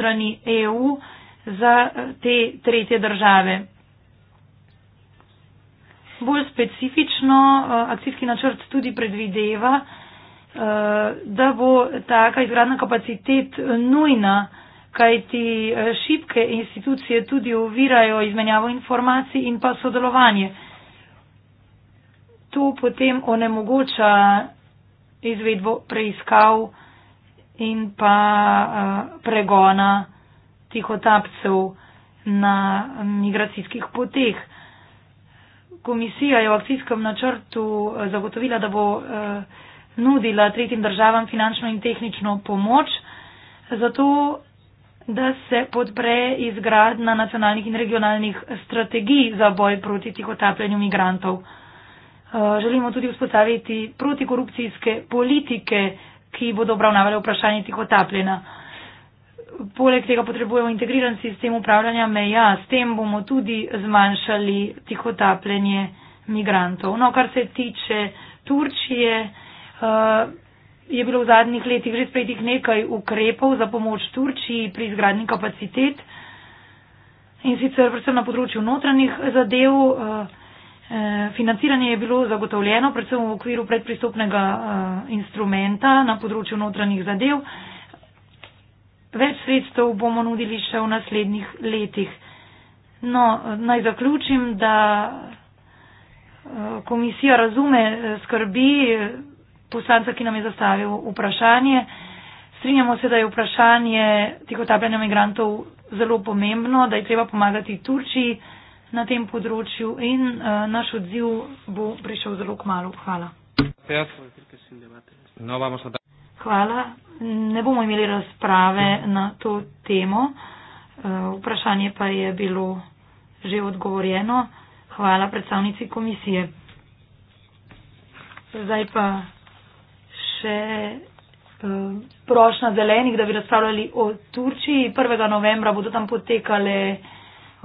strani EU za eh, te tretje države. Bolj specifično eh, akcijski načrt tudi predvideva, eh, da bo taka izgradna kapacitet nujna, kajti šibke institucije tudi ovirajo izmenjavo informacij in pa sodelovanje. To potem onemogoča izvedbo preiskav in pa uh, pregona tihotapcev na migracijskih poteh. Komisija je v akcijskem načrtu eh, zagotovila, da bo uh, nudila tretjim državam finančno in tehnično pomoč, zato da se podpre izgradna nacionalnih in regionalnih strategij za boj proti tihotapljanju migrantov. Uh, želimo tudi vzpostaviti protikorupcijske politike, uh, ki bodo obravnavali vprašanje tih otapljena. Poleg tega potrebujemo integriran sistem upravljanja meja, s tem bomo tudi zmanjšali tih otapljenje migrantov. No, kar se tiče Turčije, eh, je bilo v zadnjih letih že sprejetih nekaj ukrepov za pomoč Turčiji pri izgradnji kapacitet in sicer predvsem na področju notranjih zadev. Eh, Eh, financiranje je bilo zagotovljeno predvsem v okviru predpristopnega eh, instrumenta na področju notranjih zadev. Več sredstev bomo nudili še v naslednjih letih. No, eh, naj zaključim, da komisija razume skrbi poslanca, ki nam je zastavil vprašanje. Strinjamo se, da je vprašanje tih otapljanja migrantov zelo pomembno, da je treba pomagati Turčiji na tem področju in uh, naš odziv bo prišel zelo k malu. Hvala. No, Hvala. Ne bomo imeli razprave na to temo. Uh, vprašanje pa je bilo že odgovorjeno. Hvala predstavnici komisije. Zdaj pa še uh, prošnja zelenih, da bi razpravljali o Turčiji. 1. novembra bodo tam potekale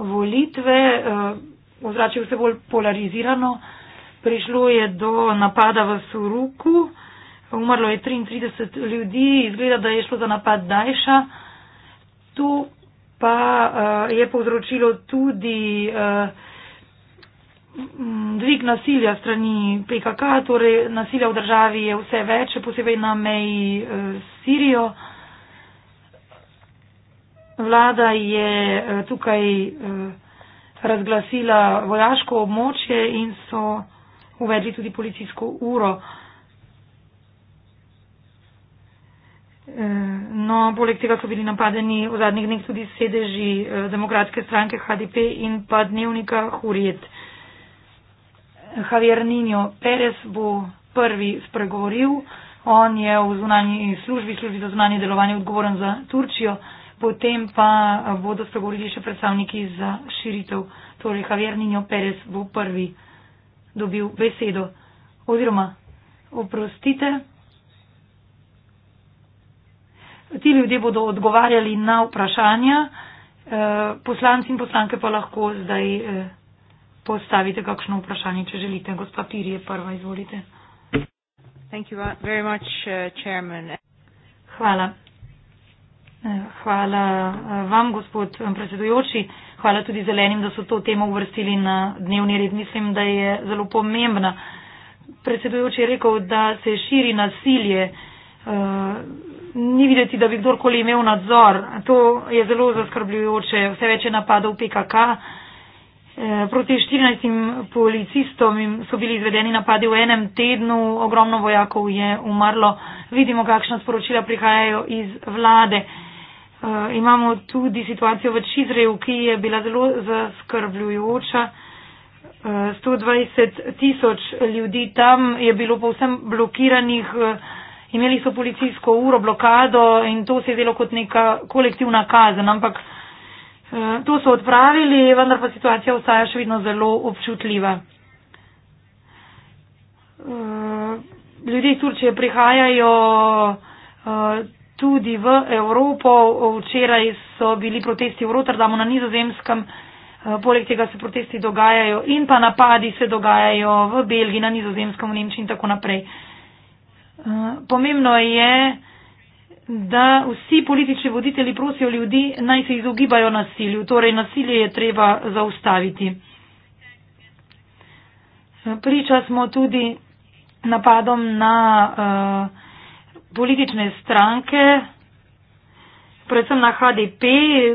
volitve, eh, ozračje vse bolj polarizirano, prišlo je do napada v Suruku, umrlo je 33 ljudi, izgleda, da je šlo za napad Dajša. To pa eh, je povzročilo tudi eh, dvig nasilja strani PKK, torej nasilja v državi je vse več, posebej na meji s Sirijo. Vlada je eh, tukaj eh, razglasila vojaško območje in so uvedli tudi policijsko uro. Eh, no, poleg tega so bili napadeni v zadnjih dneh tudi sedeži demokratske stranke HDP in pa dnevnika Hurjet. Javier Ninjo Perez bo prvi spregovoril. On je v zunanji službi, službi za zunanje delovanje odgovoren za Turčijo. Potem pa eh, bodo spregovorili še predstavniki za širitev. Torej, Javier Nino Perez bo prvi dobil besedo. Oziroma, oprostite. Ti ljudje bodo odgovarjali na vprašanja, eh, poslanci in poslanke pa lahko zdaj eh, postavite kakšno vprašanje, če želite. Gospa Piri je prva, izvolite. Uh, Hvala. Hvala eh, vam, gospod eh, predsedujoči. Hvala tudi zelenim, da so to temo uvrstili na dnevni red. Mislim, da je zelo pomembna. Predsedujoči je rekel, da se širi nasilje. Eh, ni videti, da bi kdorkoli imel nadzor. To je zelo zaskrbljujoče. Vse več je napadov PKK. Proti 14 policistom so bili izvedeni napadi v enem tednu, ogromno vojakov je umrlo. Vidimo, kakšna sporočila prihajajo iz vlade. Eh, imamo tudi situacijo v Čizreju, ki je bila zelo zaskrbljujoča. 120 eh, tisoč ljudi tam je bilo povsem blokiranih, eh, imeli so policijsko uro blokado in to se je zdelo kot neka kolektivna kazen, ampak to so odpravili, vendar pa situacija ostaja še vedno zelo občutljiva. Ljudje iz Turčije prihajajo tudi v Evropo. Včeraj so bili protesti v Rotterdamu na nizozemskem, eh, poleg tega se protesti dogajajo in pa napadi se dogajajo v Belgiji, na nizozemskem, v Nemčiji in tako naprej. Eh, pomembno je, da vsi politični voditelji prosijo ljudi, naj se izogibajo nasilju, torej nasilje je treba zaustaviti. Eh, priča smo tudi napadom na uh, politične stranke, predvsem na HDP,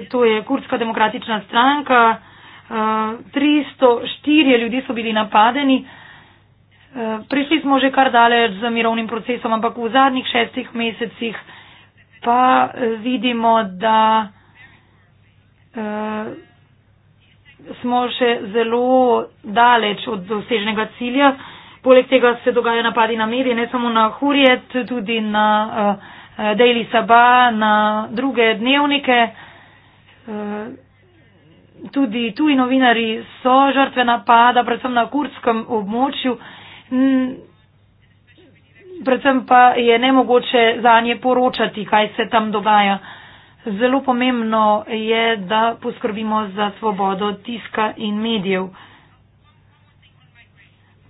to je Kurdska demokratična stranka, 304 eh, ljudi so bili napadeni. Eh, prišli smo že kar daleč z mirovnim procesom, ampak v zadnjih šestih mesecih pa eh, vidimo, da smo še zelo daleč od doseženega cilja. Poleg tega se dogajajo napadi na medije, ne samo na Hurjet, tudi na uh, Daily Sabah, na druge dnevnike. Uh, tudi tuji novinari so žrtve napada, predvsem na kurdskem območju. Mm, predvsem pa je nemogoče za nje poročati, kaj se tam dogaja. Zelo pomembno je, da poskrbimo za svobodo tiska in medijev.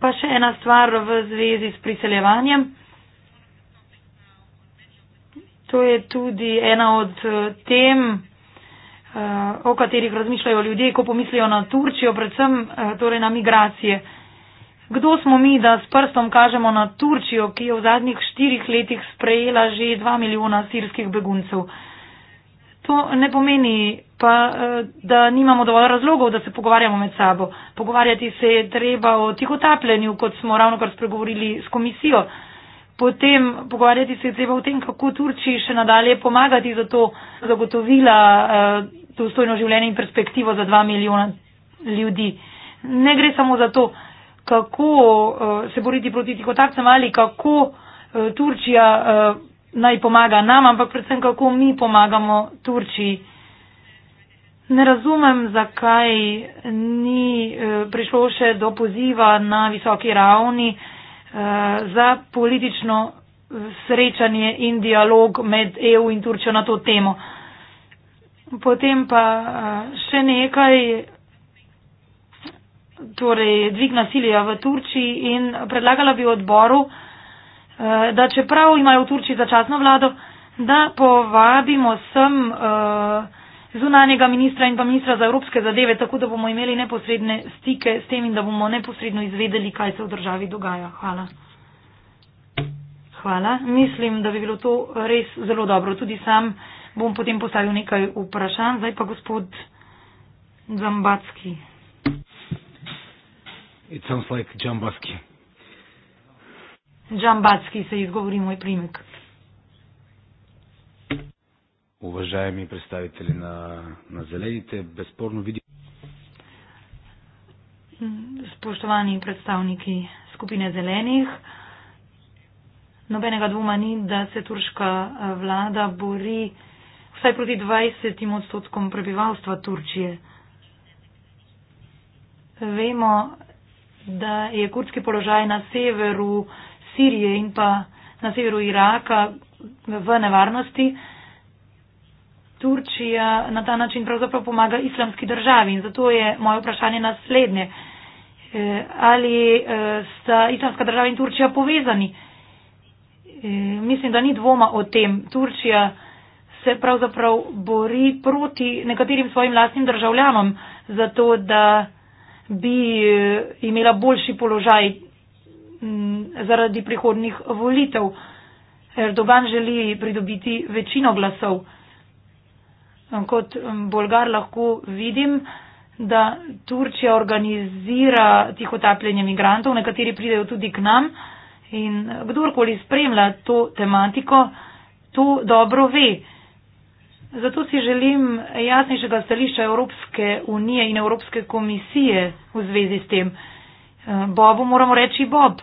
Pa še ena stvar v zvezi s priseljevanjem. To je tudi ena od eh, tem, eh, o katerih razmišljajo ljudje, ko pomislijo na Turčijo, predvsem eh, torej na migracije. Kdo smo mi, da s prstom kažemo na Turčijo, ki je v zadnjih štirih letih sprejela že dva milijona sirskih beguncev? to ne pomeni, pa, eh, da nimamo dovolj razlogov, da se pogovarjamo med sabo. Pogovarjati se je treba o tihotapljenju, kot smo ravno kar spregovorili s komisijo. Potem pogovarjati se je treba o tem, kako Turčiji še nadalje pomagati za to zagotovila eh, dostojno življenje in perspektivo za dva milijona ljudi. Ne gre samo za to, kako eh, se boriti proti tihotapcem ali kako Turčija naj pomaga nam, ampak predvsem kako mi pomagamo Turčiji. Ne razumem, zakaj ni eh, prišlo še do poziva na visoki ravni eh, za politično srečanje in dialog med EU in Turčijo na to temo. Potem pa eh, še nekaj, torej dvig nasilja v Turčiji in predlagala bi odboru, Eh, da čeprav imajo v Turčiji začasno vlado, da povabimo sem eh, zunanjega ministra in pa ministra za evropske zadeve, tako da bomo imeli neposredne stike s tem in da bomo neposredno izvedeli, kaj se v državi dogaja. Hvala. Hvala. Mislim, da bi bilo to res zelo dobro. Tudi sam bom potem postavil nekaj vprašanj. Zdaj pa gospod Zambatski. It sounds like Jambaski. Джамбацки се изговори мой примек. Уважаеми представители на, на зелените, безспорно видим... Споштовани представники скупине зелених, nobenega dvoma ni, da se turška eh, vlada bori vsaj proti 20 odstotkom prebivalstva Turčije. Vemo, da je kurdski položaj na severu Sirije in pa na severu Iraka v nevarnosti. Turčija na ta način pravzaprav pomaga islamski državi in zato je moje vprašanje naslednje. E, ali e, sta islamska država in Turčija povezani? E, mislim, da ni dvoma o tem. Turčija se pravzaprav bori proti nekaterim svojim lastnim državljanom, zato da bi e, imela boljši položaj Mm, zaradi prihodnih volitev. Erdogan želi pridobiti večino glasov. Kot mm, bolgar lahko vidim, da Turčija organizira tiho tapljenje migrantov, nekateri pridejo tudi k nam in kdorkoli spremlja to tematiko, to dobro ve. Zato si želim jasnejšega stališča Evropske unije in Evropske komisije v zvezi s tem. Eh, Bobu moramo reči Bob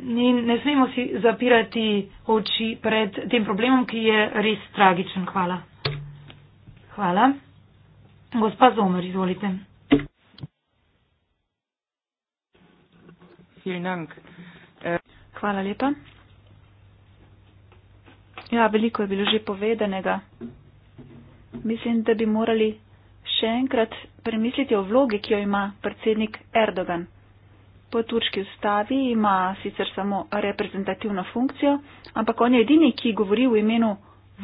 ni, ne smemo si zapirati oči pred tem problemom, ki je res tragičen. Hvala. Hvala. Gospa Zomer, izvolite. Hvala lepa. Ja, veliko je bilo že povedanega. Mislim, da bi morali še enkrat premisliti o vlogi, ki jo ima predsednik Erdogan po turški ustavi ima sicer samo reprezentativno funkcijo, ampak on je edini, ki govori v imenu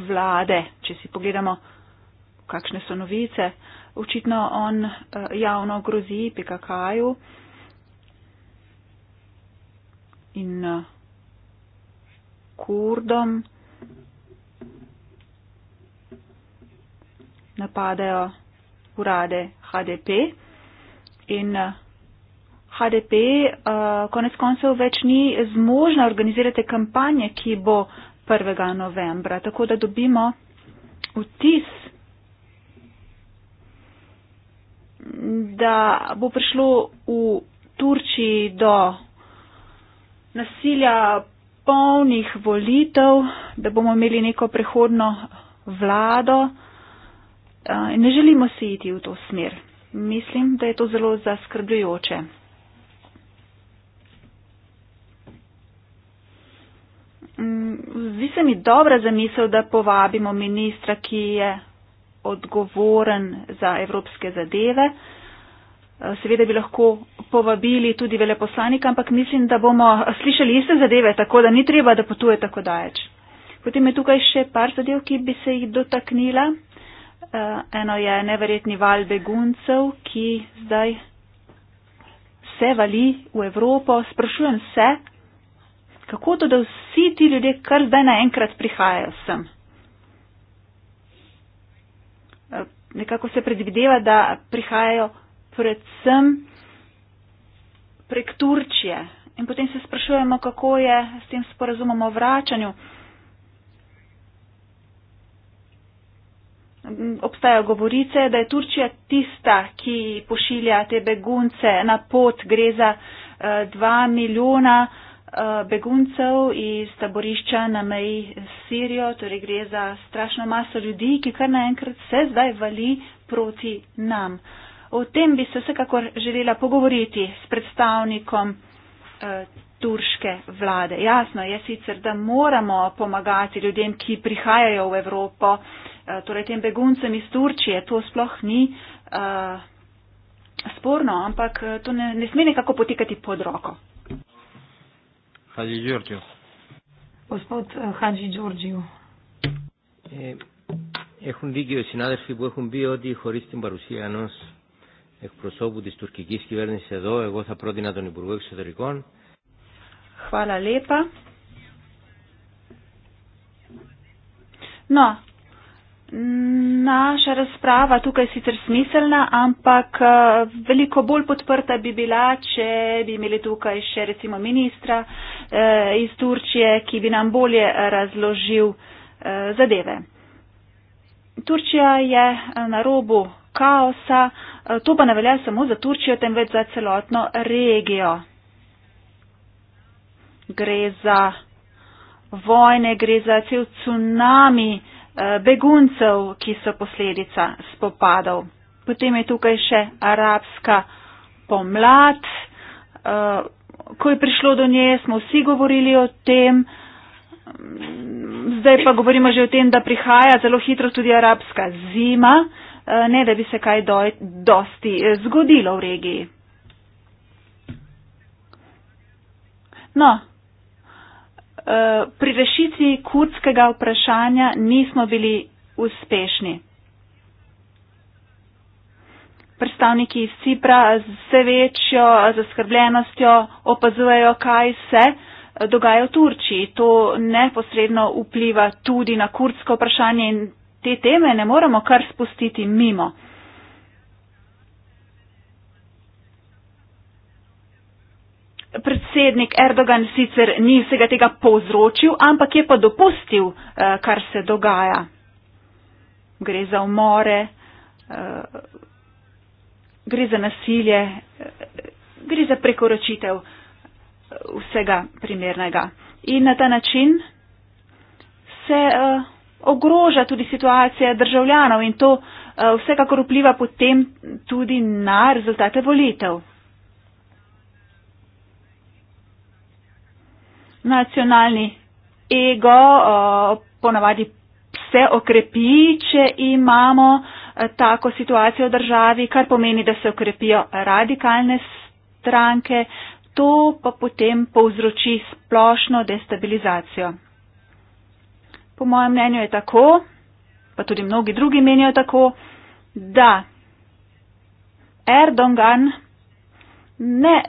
vlade. Če si pogledamo, kakšne so novice, očitno on eh, javno grozi PKK-ju in eh, kurdom. Napadajo urade HDP in eh, HDP uh, eh, konec koncev več ni zmožna organizirati kampanje, ki bo 1. novembra, tako da dobimo vtis, da bo prišlo v Turčiji do nasilja polnih volitev, da bomo imeli neko prehodno vlado. Uh, ne želimo se iti v to smer. Mislim, da je to zelo zaskrbljujoče. zdi se mi dobra zamisel, da povabimo ministra, ki je odgovoren za evropske zadeve. Eh, seveda bi lahko povabili tudi veleposlanika, ampak mislim, da bomo slišali iste zadeve, tako da ni treba, da potuje tako daleč. Potem je tukaj še par zadev, ki bi se jih dotaknila. Eh, eno je neverjetni val beguncev, ki zdaj se vali v Evropo. Sprašujem se, kako to, da vsi ti ljudje kar zdaj naenkrat prihajajo sem. Eh, nekako se predvideva, da prihajajo predvsem prek Turčije. In potem se sprašujemo, kako je s tem sporazumom o vračanju. Obstajajo govorice, da je Turčija tista, ki pošilja te begunce na pot. Gre za eh, dva milijona uh, Eh, beguncev iz taborišča na meji s Sirijo, torej gre za strašno maso ljudi, ki kar naenkrat se zdaj vali proti nam. O tem bi se vsekakor želela pogovoriti s predstavnikom uh, turške vlade. Jasno je sicer, da moramo pomagati ljudem, ki prihajajo v Evropo, uh, torej tem beguncem iz Turčije, to sploh ni. Uh, Sporno, ampak to ne, ne sme nekako potekati pod roko. Hadži Đorđev. Gospod eh, Hadži Đorđev. Eh, έχω δίκιο οι συνάδελφοι που έχουν πει ότι χωρί την παρουσία ενό εκπροσώπου τη τουρκική κυβέρνηση εδώ, εγώ θα πρότεινα τον Υπουργό Εξωτερικών. Χαλαλέπα. Να, Naša razprava tukaj je sicer smiselna, ampak eh, veliko bolj podprta bi bila, če bi imeli tukaj še recimo ministra eh, iz Turčije, ki bi nam bolje razložil eh, zadeve. Turčija je na robu kaosa, to pa ne velja samo za Turčijo, temveč za celotno regijo. Gre za vojne, gre za cel tsunami. Eh, beguncev, ki so posledica spopadov. Potem je tukaj še arabska pomlad. Eh, ko je prišlo do nje, smo vsi govorili o tem. Zdaj pa govorimo že o tem, da prihaja zelo hitro tudi arabska zima, eh, ne da bi se kaj do, dosti zgodilo v regiji. No, pri rešitvi kurdskega vprašanja nismo bili uspešni. Predstavniki iz Cipra se večjo zaskrbljenostjo opazujejo, kaj se eh, dogaja v Turčiji. To neposredno vpliva tudi na kurdsko vprašanje in te teme ne moremo kar spustiti mimo. predsednik Erdogan sicer ni vsega tega povzročil, ampak je pa dopustil, eh, kar se dogaja. Gre za umore, eh, gre za nasilje, eh, gre za prekoračitev vsega primernega. In na ta način se ogroža tudi situacija državljanov in to vsekakor vpliva potem tudi na rezultate volitev. nacionalni ego ponavadi se okrepi, če imamo eh, tako situacijo v državi, kar pomeni, da se okrepijo radikalne stranke, to pa potem povzroči splošno destabilizacijo. Po mojem mnenju je tako, pa tudi mnogi drugi menijo tako, da Erdogan ne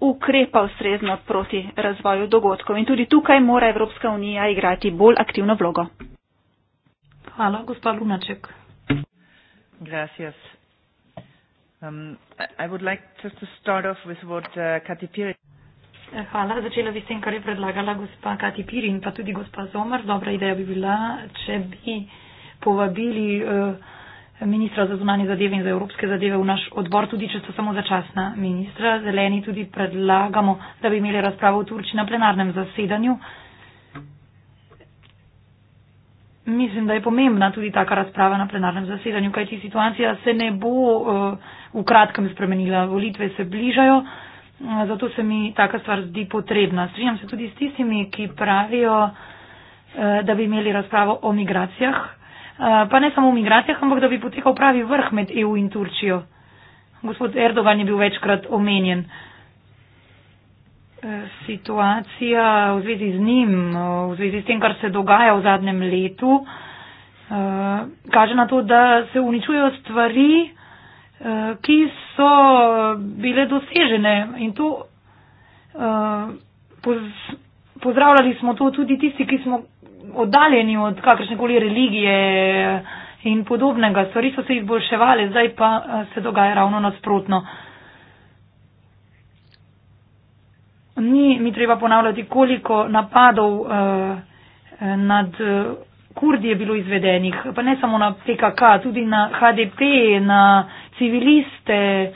ukrepa ustrezno proti razvoju dogodkov. In tudi tukaj mora Evropska unija igrati bolj aktivno vlogo. Hvala, gospod Lunaček. Um, uh, eh, hvala. Začela bi s tem, kar je predlagala gospa Kati Pirin, pa tudi gospa Zomar. Dobra ideja bi bila, če bi povabili. Uh, ministra za zunanje zadeve in za evropske zadeve v naš odbor, tudi če so samo začasna ministra. Zeleni tudi predlagamo, da bi imeli razpravo v Turčiji na plenarnem zasedanju. Mislim, da je pomembna tudi taka razprava na plenarnem zasedanju, kajti situacija se ne bo uh, v kratkem spremenila. Volitve se bližajo, uh, zato se mi taka stvar zdi potrebna. Strinjam se tudi s tistimi, ki pravijo, uh, da bi imeli razpravo o migracijah Eh, pa ne samo v migracijah, ampak da bi potekal pravi vrh med EU in Turčijo. Gospod Erdogan je bil večkrat omenjen. Eh, situacija v zvezi z njim, eh, v zvezi s tem, kar se dogaja v zadnjem letu, kaže na to, da se uničujo stvari, ki so bile dosežene. In to pozdravljali smo to tudi tisti, ki smo oddaljeni od kakršne koli religije in podobnega. Stvari so se izboljševale, zdaj pa eh, se dogaja ravno nasprotno. Ni mi treba ponavljati, koliko napadov eh, nad eh, Kurdi je bilo izvedenih, pa ne samo na PKK, tudi na HDP, na civiliste. Eh,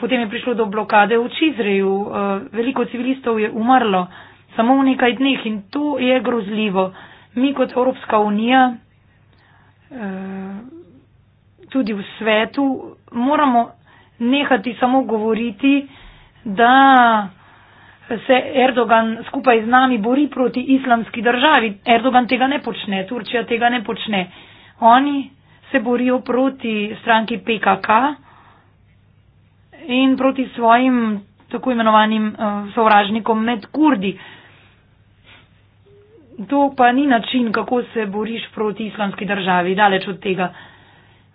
potem je prišlo do blokade v Čizreju, veliko civilistov je umrlo samo v nekaj dneh in to je grozljivo mi kot Evropska unija eh, tudi v svetu moramo nehati samo govoriti, da se Erdogan skupaj z nami bori proti islamski državi. Erdogan tega ne počne, Turčija tega ne počne. Oni se borijo proti stranki PKK in proti svojim tako imenovanim eh, sovražnikom med kurdi to pa ni način, kako se boriš proti islamski državi, daleč od tega.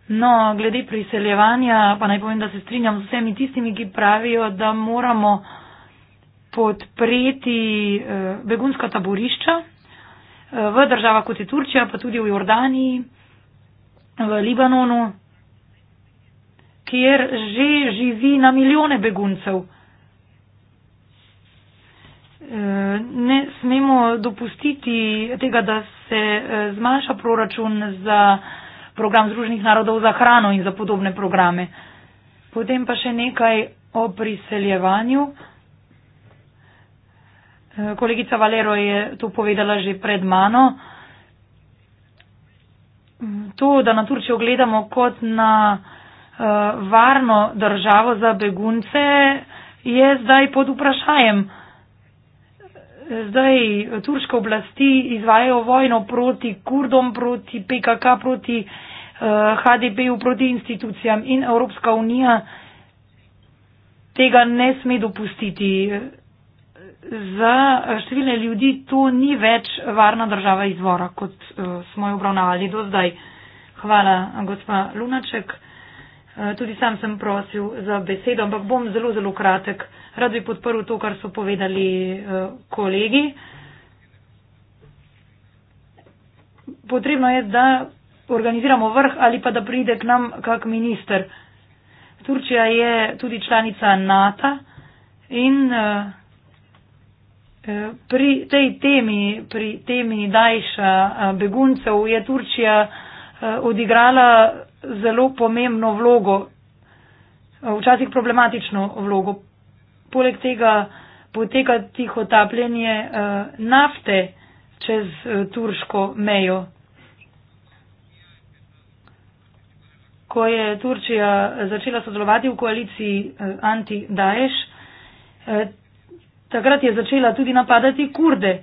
No, glede priseljevanja, pa naj povem, da se strinjam z vsemi tistimi, ki pravijo, da moramo podpreti eh, begunska taborišča eh, v državah kot je Turčija, pa tudi v Jordaniji, v Libanonu, kjer že živi na milijone beguncev ne smemo dopustiti tega, da se eh, zmanjša proračun za program Združenih narodov za hrano in za podobne programe. Potem pa še nekaj o priseljevanju. Eh, kolegica Valero je to povedala že pred mano. Mm, to, da na Turčijo gledamo kot na eh, varno državo za begunce, je zdaj pod vprašanjem zdaj turške oblasti izvajajo vojno proti Kurdom, proti PKK, proti uh, eh, HDP-ju, proti institucijam in Evropska unija tega ne sme dopustiti. Za številne ljudi to ni več varna država izvora, kot uh, smo jo obravnavali do zdaj. Hvala, gospa Lunaček. Eh, tudi sam sem prosil za besedo, ampak bom zelo, zelo kratek. Rad bi podprl to, kar so povedali eh, kolegi. Potrebno je, da organiziramo vrh ali pa da pride k nam kak minister. Turčija je tudi članica NATO in eh, pri tej temi, pri temi Dajša beguncev je Turčija odigrala zelo pomembno vlogo, včasih problematično vlogo. Poleg tega poteka tiho tapljenje eh, nafte čez eh, turško mejo. Ko je Turčija začela sodelovati v koaliciji eh, anti-Daesh, takrat je začela tudi napadati kurde.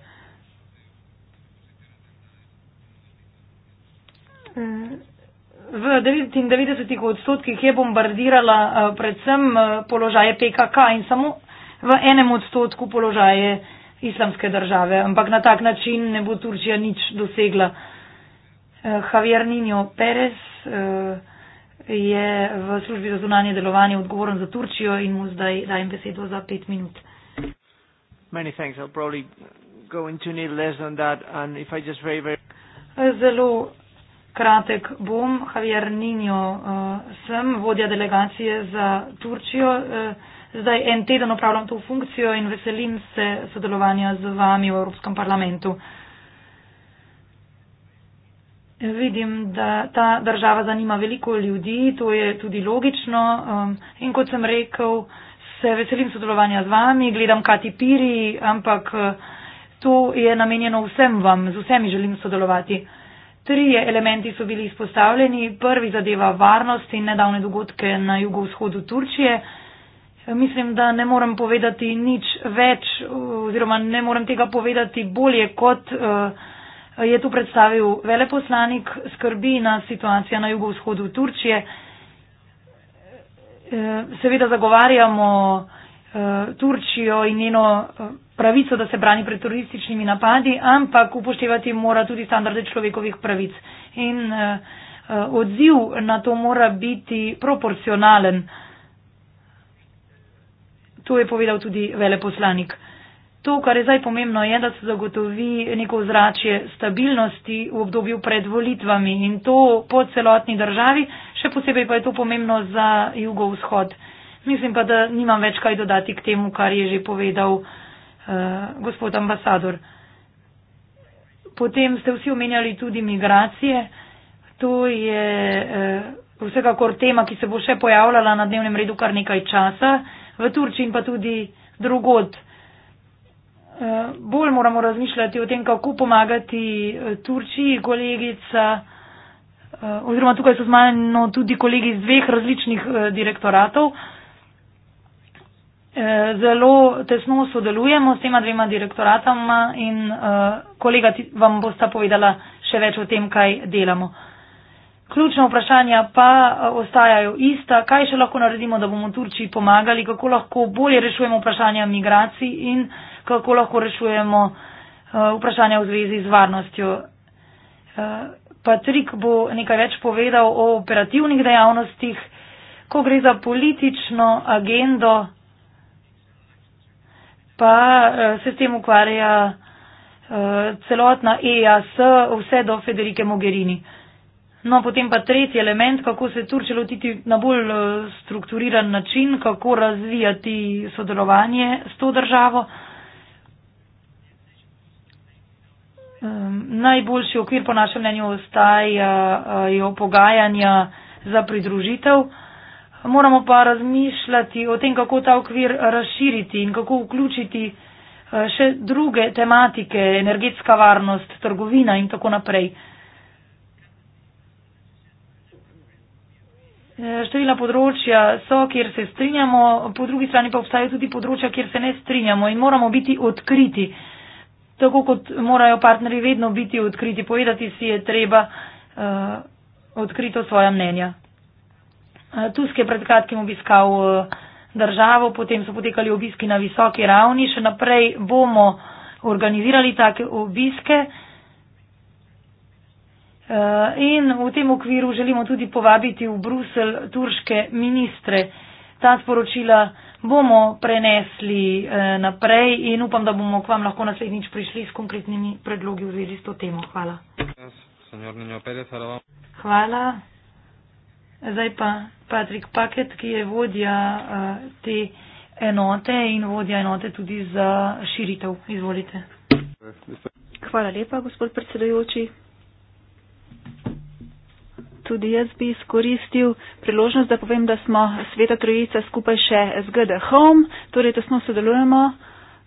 v 99 odstotkih je bombardirala eh, predvsem eh, položaje PKK in samo v enem odstotku položaje islamske države. Ampak na tak način ne bo Turčija nič dosegla. Eh, Javier Ninjo Perez je v službi za zunanje delovanje odgovoren za Turčijo in mu zdaj dajem besedo za pet minut. Zelo Kratek bom, Javier Ninjo eh, sem, vodja delegacije za Turčijo. Eh, zdaj en teden upravljam to funkcijo in veselim se sodelovanja z vami v Evropskem parlamentu. Vidim, da ta država zanima veliko ljudi, to je tudi logično. Eh, in kot sem rekel, se veselim sodelovanja z vami, gledam Kati Piri, ampak to je namenjeno vsem vam, z vsemi želim sodelovati. Trije elementi so bili izpostavljeni. Prvi zadeva varnost in nedavne dogodke na jugovzhodu Turčije. Mislim, da ne morem povedati nič več oziroma ne morem tega povedati bolje, kot eh, je tu predstavil veleposlanik skrbi na situacijo na jugovzhodu Turčije. Eh, seveda zagovarjamo Eh, Turčijo in njeno eh, pravico, da se brani pred turističnimi napadi, ampak upoštevati mora tudi standarde človekovih pravic. In eh, odziv na to mora biti proporcionalen. To je povedal tudi veleposlanik. To, kar je zdaj pomembno, je, da se zagotovi neko vzračje stabilnosti v obdobju pred volitvami in to po celotni državi, še posebej pa je to pomembno za jugovzhod. Mislim pa, da nimam več kaj dodati k temu, kar je že povedal uh, gospod ambasador. Potem ste vsi omenjali tudi migracije. To je uh, vsekakor tema, ki se bo še pojavljala na dnevnem redu kar nekaj časa, v Turčiji in pa tudi drugod. Eh, bolj moramo razmišljati o tem, kako pomagati Turčiji, kolegica, oziroma tukaj so z mano tudi kolegi iz dveh različnih direktoratov. Eh, zelo tesno sodelujemo s tema dvema direktoratoma in eh, kolega vam bosta povedala še več o tem, kaj delamo. Ključna vprašanja pa eh, ostajajo ista. Kaj še lahko naredimo, da bomo Turčiji pomagali, kako lahko bolje rešujemo vprašanja migracij in kako lahko rešujemo vprašanja v zvezi z varnostjo. Patrik bo nekaj več povedal o operativnih dejavnostih, ko gre za politično agendo pa uh, se s tem ukvarja uh, celotna EAS, vse do Federike Mogherini. No, potem pa tretji element, kako se Turčijo lotiti na bolj eh, strukturiran način, kako razvijati sodelovanje s to državo. Ehm, najboljši okvir po našem mnenju ostajajo pogajanja za pridružitev moramo pa razmišljati o tem, kako ta okvir razširiti in kako vključiti eh, še druge tematike, energetska varnost, trgovina in tako naprej. Eh, Števila področja so, kjer se strinjamo, po drugi strani pa obstajajo tudi področja, kjer se ne strinjamo in moramo biti odkriti, tako kot morajo partnerji vedno biti odkriti, povedati si je treba uh, odkrito svoja mnenja. Eh, Tusk je pred kratkim obiskal eh, državo, potem so potekali obiski na visoki ravni, še naprej bomo organizirali take obiske. Eh, in v tem okviru želimo tudi povabiti v Brusel turške ministre. Ta sporočila bomo prenesli naprej in upam, da bomo k vam lahko naslednjič prišli s konkretnimi predlogi v zvezi s to temo. Hvala. Hvala. Zdaj pa Patrik Paket, ki je vodja eh, te enote in vodja enote tudi za širitev. Izvolite. Hvala lepa, gospod predsedajoči. Tudi jaz bi izkoristil priložnost, da povem, da smo Sveta Trojica skupaj še z GD Home, torej tesno sodelujemo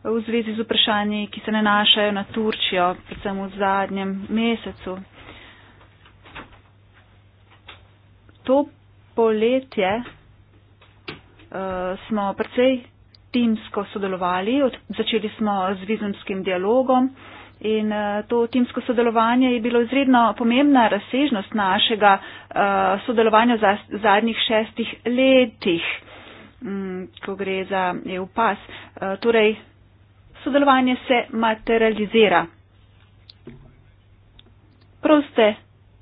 v zvezi z vprašanji, ki se nanašajo na Turčijo, predvsem v zadnjem mesecu. to poletje uh, smo precej timsko sodelovali, od, začeli smo z vizumskim dialogom in uh, to timsko sodelovanje je bilo izredno pomembna razsežnost našega uh, sodelovanja v zadnjih šestih letih, um, ko gre za EU pas. Uh, torej, sodelovanje se materializira. Proste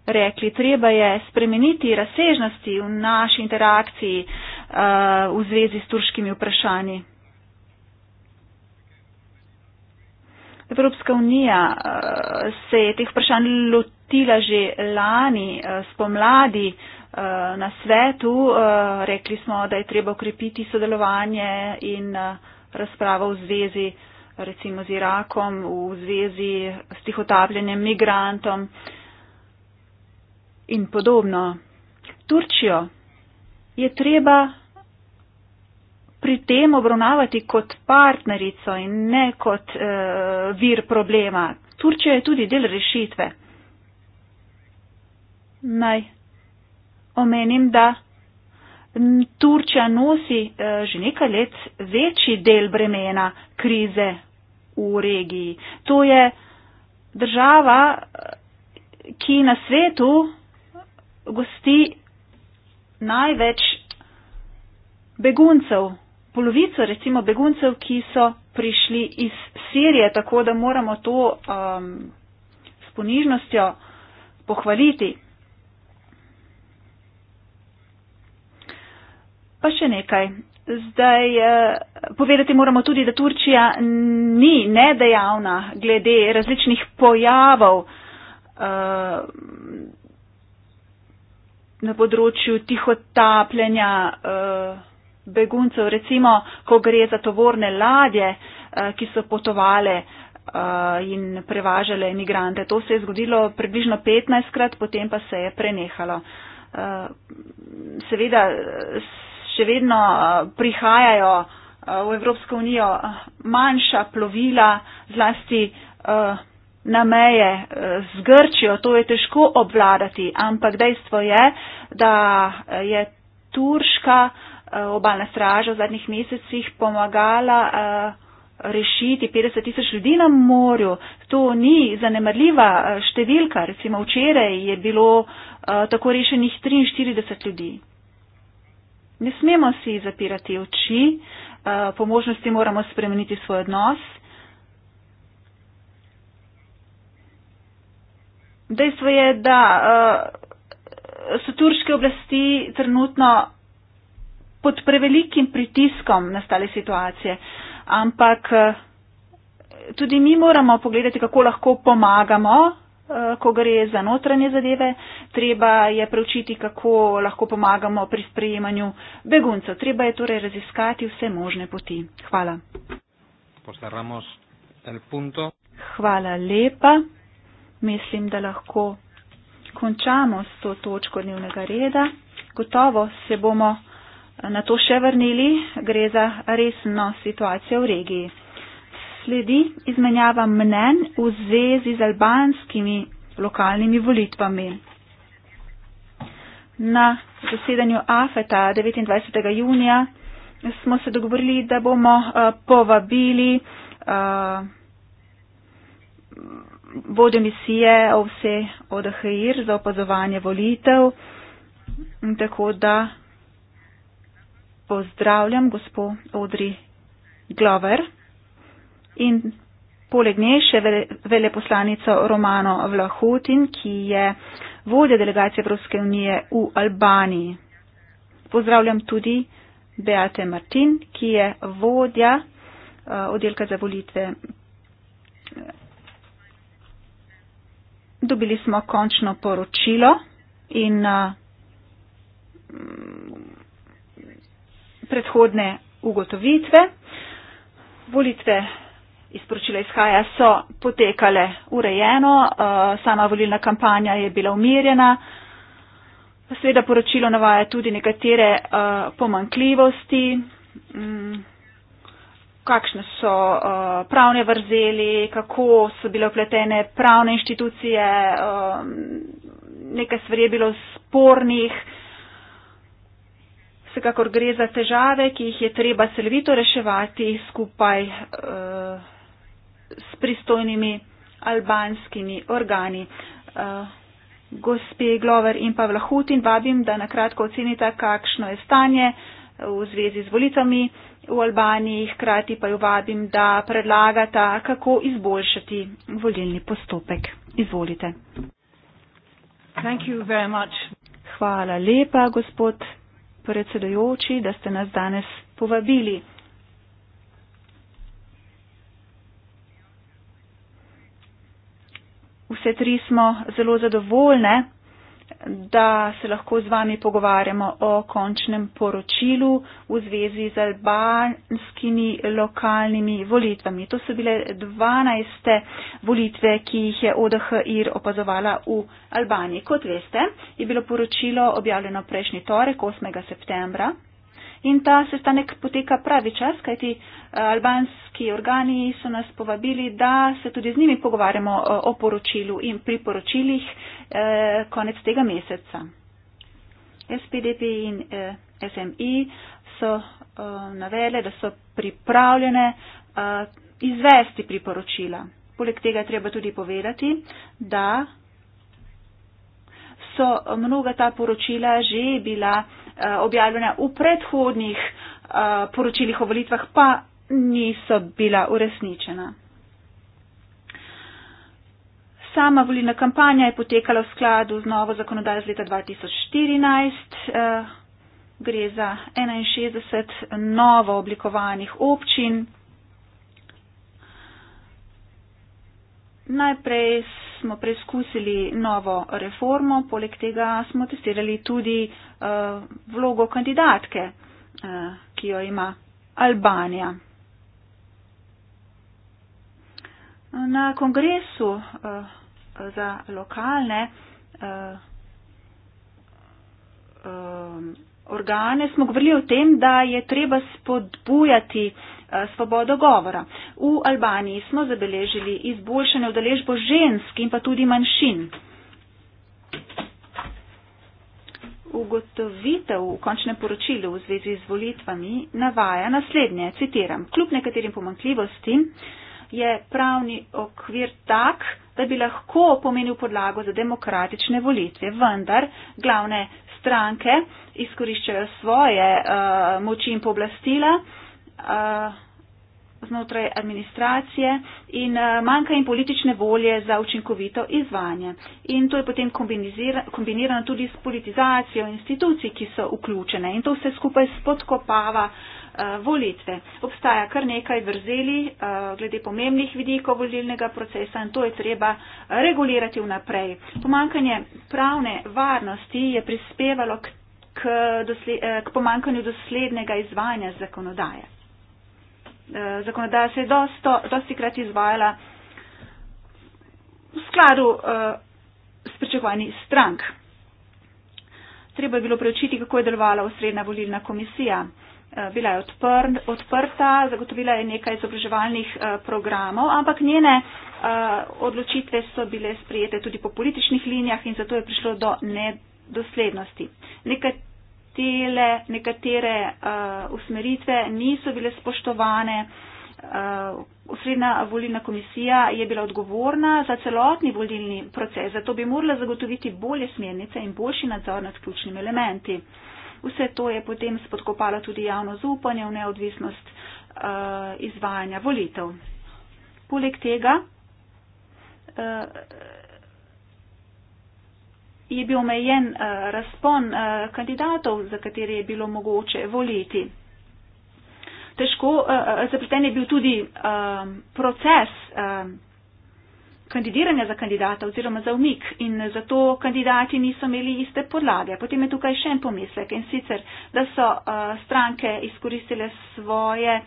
rekli, treba je spremeniti razsežnosti v naši interakciji uh, v zvezi s turškimi vprašanji. Evropska unija uh, se je teh vprašanj lotila že lani uh, spomladi uh, na svetu. Uh, rekli smo, da je treba ukrepiti sodelovanje in uh, razpravo v zvezi recimo z Irakom, v zvezi s tihotapljenjem migrantom. Uh, in podobno. Turčijo je treba pri tem obravnavati kot partnerico in ne kot uh, vir problema. Turčija je tudi del rešitve. Naj omenim, da Turčija nosi uh, že nekaj let večji del bremena krize v regiji. To je država, eh, ki na svetu gosti največ beguncev, polovico recimo beguncev, ki so prišli iz Sirije, tako da moramo to um, s ponižnostjo pohvaliti. Pa še nekaj. Zdaj eh, povedati moramo tudi, da Turčija ni nedejavna glede različnih pojavov. Uh, na področju tihotapljenja uh, beguncev, recimo, ko gre za tovorne ladje, uh, ki so potovale uh, in prevažale imigrante. To se je zgodilo približno 15 krat, potem pa se je prenehalo. Uh, seveda, še vedno uh, prihajajo uh, v Evropsko unijo manjša plovila, zlasti uh, na meje eh, z Grčijo, to je težko obvladati, ampak dejstvo je, da eh, je turška eh, obalna straža v zadnjih mesecih pomagala rešiti 50 tisoč ljudi na morju. To ni zanemrljiva številka, recimo včeraj je bilo tako rešenih 43 ljudi. Ne smemo si zapirati oči, po možnosti moramo spremeniti svoj odnos. Dejstvo je, da uh, so turške oblasti trenutno pod prevelikim pritiskom nastale situacije, ampak eh, tudi mi moramo pogledati, kako lahko pomagamo, eh, ko gre za notranje zadeve. Treba je preučiti, kako lahko pomagamo pri sprejemanju beguncev. Treba je torej raziskati vse možne poti. Hvala. Hvala lepa mislim, da lahko končamo s to točko dnevnega reda. Gotovo se bomo eh, na to še vrnili, gre za resno situacijo v regiji. Sledi izmenjava mnen v zvezi z albanskimi lokalnimi volitvami. Na zasedanju AFETA 29. junija smo se dogovorili, da bomo eh, povabili eh, vodjo misije OVSE ODHIR za opazovanje volitev. Tako da pozdravljam gospod Odri Glover in poleg nje še veleposlanico Romano Vlahutin, ki je vodja delegacije Evropske unije v Albaniji. Pozdravljam tudi Beate Martin, ki je vodja eh, oddelka za volitve dobili smo končno poročilo in uh, predhodne ugotovitve. Volitve iz poročila izhaja so potekale urejeno, uh, sama volilna kampanja je bila umirjena. Sveda poročilo navaja tudi nekatere uh, pomankljivosti. Um, mm, kakšne so uh, pravne vrzeli, kako so bile upletene pravne inštitucije, um, nekaj stvari je bilo spornih. Vsekakor gre za težave, ki jih je treba celovito reševati skupaj uh, s pristojnimi albanskimi organi. Uh, eh, Gospi Glover in Pavla Hutin, vabim, da nakratko ocenite, kakšno je stanje v zvezi z volitvami v Albaniji, hkrati pa jo vabim, da predlagata, kako izboljšati volilni postopek. Izvolite. Hvala lepa, gospod predsedojoči, da ste nas danes povabili. Vse tri smo zelo zadovoljne da se lahko z vami pogovarjamo o končnem poročilu v zvezi z albanskimi lokalnimi volitvami. To so bile 12. volitve, ki jih je ODHIR opazovala v Albaniji. Kot veste, je bilo poročilo objavljeno prejšnji torek, 8. septembra in ta sestanek poteka pravi čas, kajti eh, albanski organi so nas povabili, da se tudi z njimi pogovarjamo eh, o poročilu in priporočilih eh, konec tega meseca. SPDP in SMI so navele, da so pripravljene izvesti priporočila. Poleg tega je treba tudi povedati, da so mnoga ta poročila že bila uh, Eh, objavljena v predhodnih eh, poročilih o volitvah, pa niso bila uresničena. Sama volilna kampanja je potekala v skladu z novo zakonodajo z leta 2014. Eh, gre za 61 novo oblikovanih občin. Najprej smo preizkusili novo reformo, poleg tega smo testirali tudi uh, vlogo kandidatke, uh, ki jo ima Albanija. Na kongresu uh, za lokalne uh, uh, organe smo govorili o tem, da je treba spodbujati uh, Eh, svobodo govora. V Albaniji smo zabeležili izboljšanje udeležbo žensk in pa tudi manjšin. Ugotovitev v končnem poročilu v zvezi z volitvami navaja naslednje, citiram, kljub nekaterim pomankljivostim je pravni okvir tak, da bi lahko pomenil podlago za demokratične volitve, vendar glavne stranke izkoriščajo svoje uh, moči in pooblastila. Po Eh, znotraj administracije in eh, manjka jim politične volje za učinkovito izvanje. In to je potem kombinirano tudi s politizacijo institucij, ki so vključene in to vse skupaj spodkopava eh, volitve. Obstaja kar nekaj vrzeli glede pomembnih vidikov volilnega procesa in to je treba regulirati vnaprej. Pomankanje pravne varnosti je prispevalo k, dosle, k pomankanju doslednega izvanja zakonodaje. Eh, zakonodaja se je dosto, dosti krat izvajala v skladu uh, s pričakovanji strank. Treba je bilo preučiti, kako je delovala osrednja volilna komisija. Eh, bila je odpr, odprta, zagotovila je nekaj izobraževalnih eh, programov, ampak njene eh, odločitve so bile sprejete tudi po političnih linijah in zato je prišlo do nedoslednosti. Nekaj tele, nekatere uh, usmeritve niso bile spoštovane. Uh, eh, srednja volilna komisija je bila odgovorna za celotni volilni proces, zato bi morala zagotoviti bolje smernice in boljši nadzor nad ključnimi elementi. Vse to je potem spodkopalo tudi javno zaupanje v neodvisnost uh, izvajanja volitev. Poleg tega. Uh, je bil omejen eh, razpon eh, kandidatov, za katere je bilo mogoče voliti. Težko eh, zapleten je bil tudi proces kandidiranja za kandidata oziroma za umik in zato kandidati niso imeli iste podlage. Potem je tukaj še en pomislek in sicer, da so stranke izkoristile svoje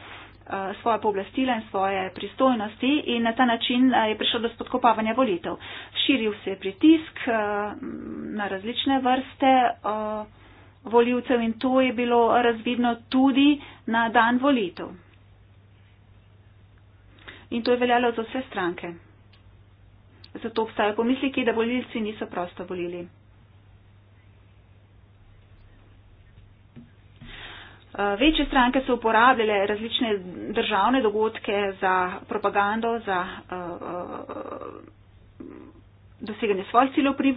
Eh, svoje pooblastila in svoje pristojnosti in na ta način eh, je prišlo do spodkopavanja volitev. Širil se je pritisk eh, na različne vrste voljivcev in to je bilo razvidno tudi na dan volitev. In to je veljalo za vse stranke. Zato obstajajo pomisliki, da volilci niso prosto volili. Eh, večje stranke so uporabljale različne državne dogodke za propagando, za eh, eh, doseganje svojih ciljev pri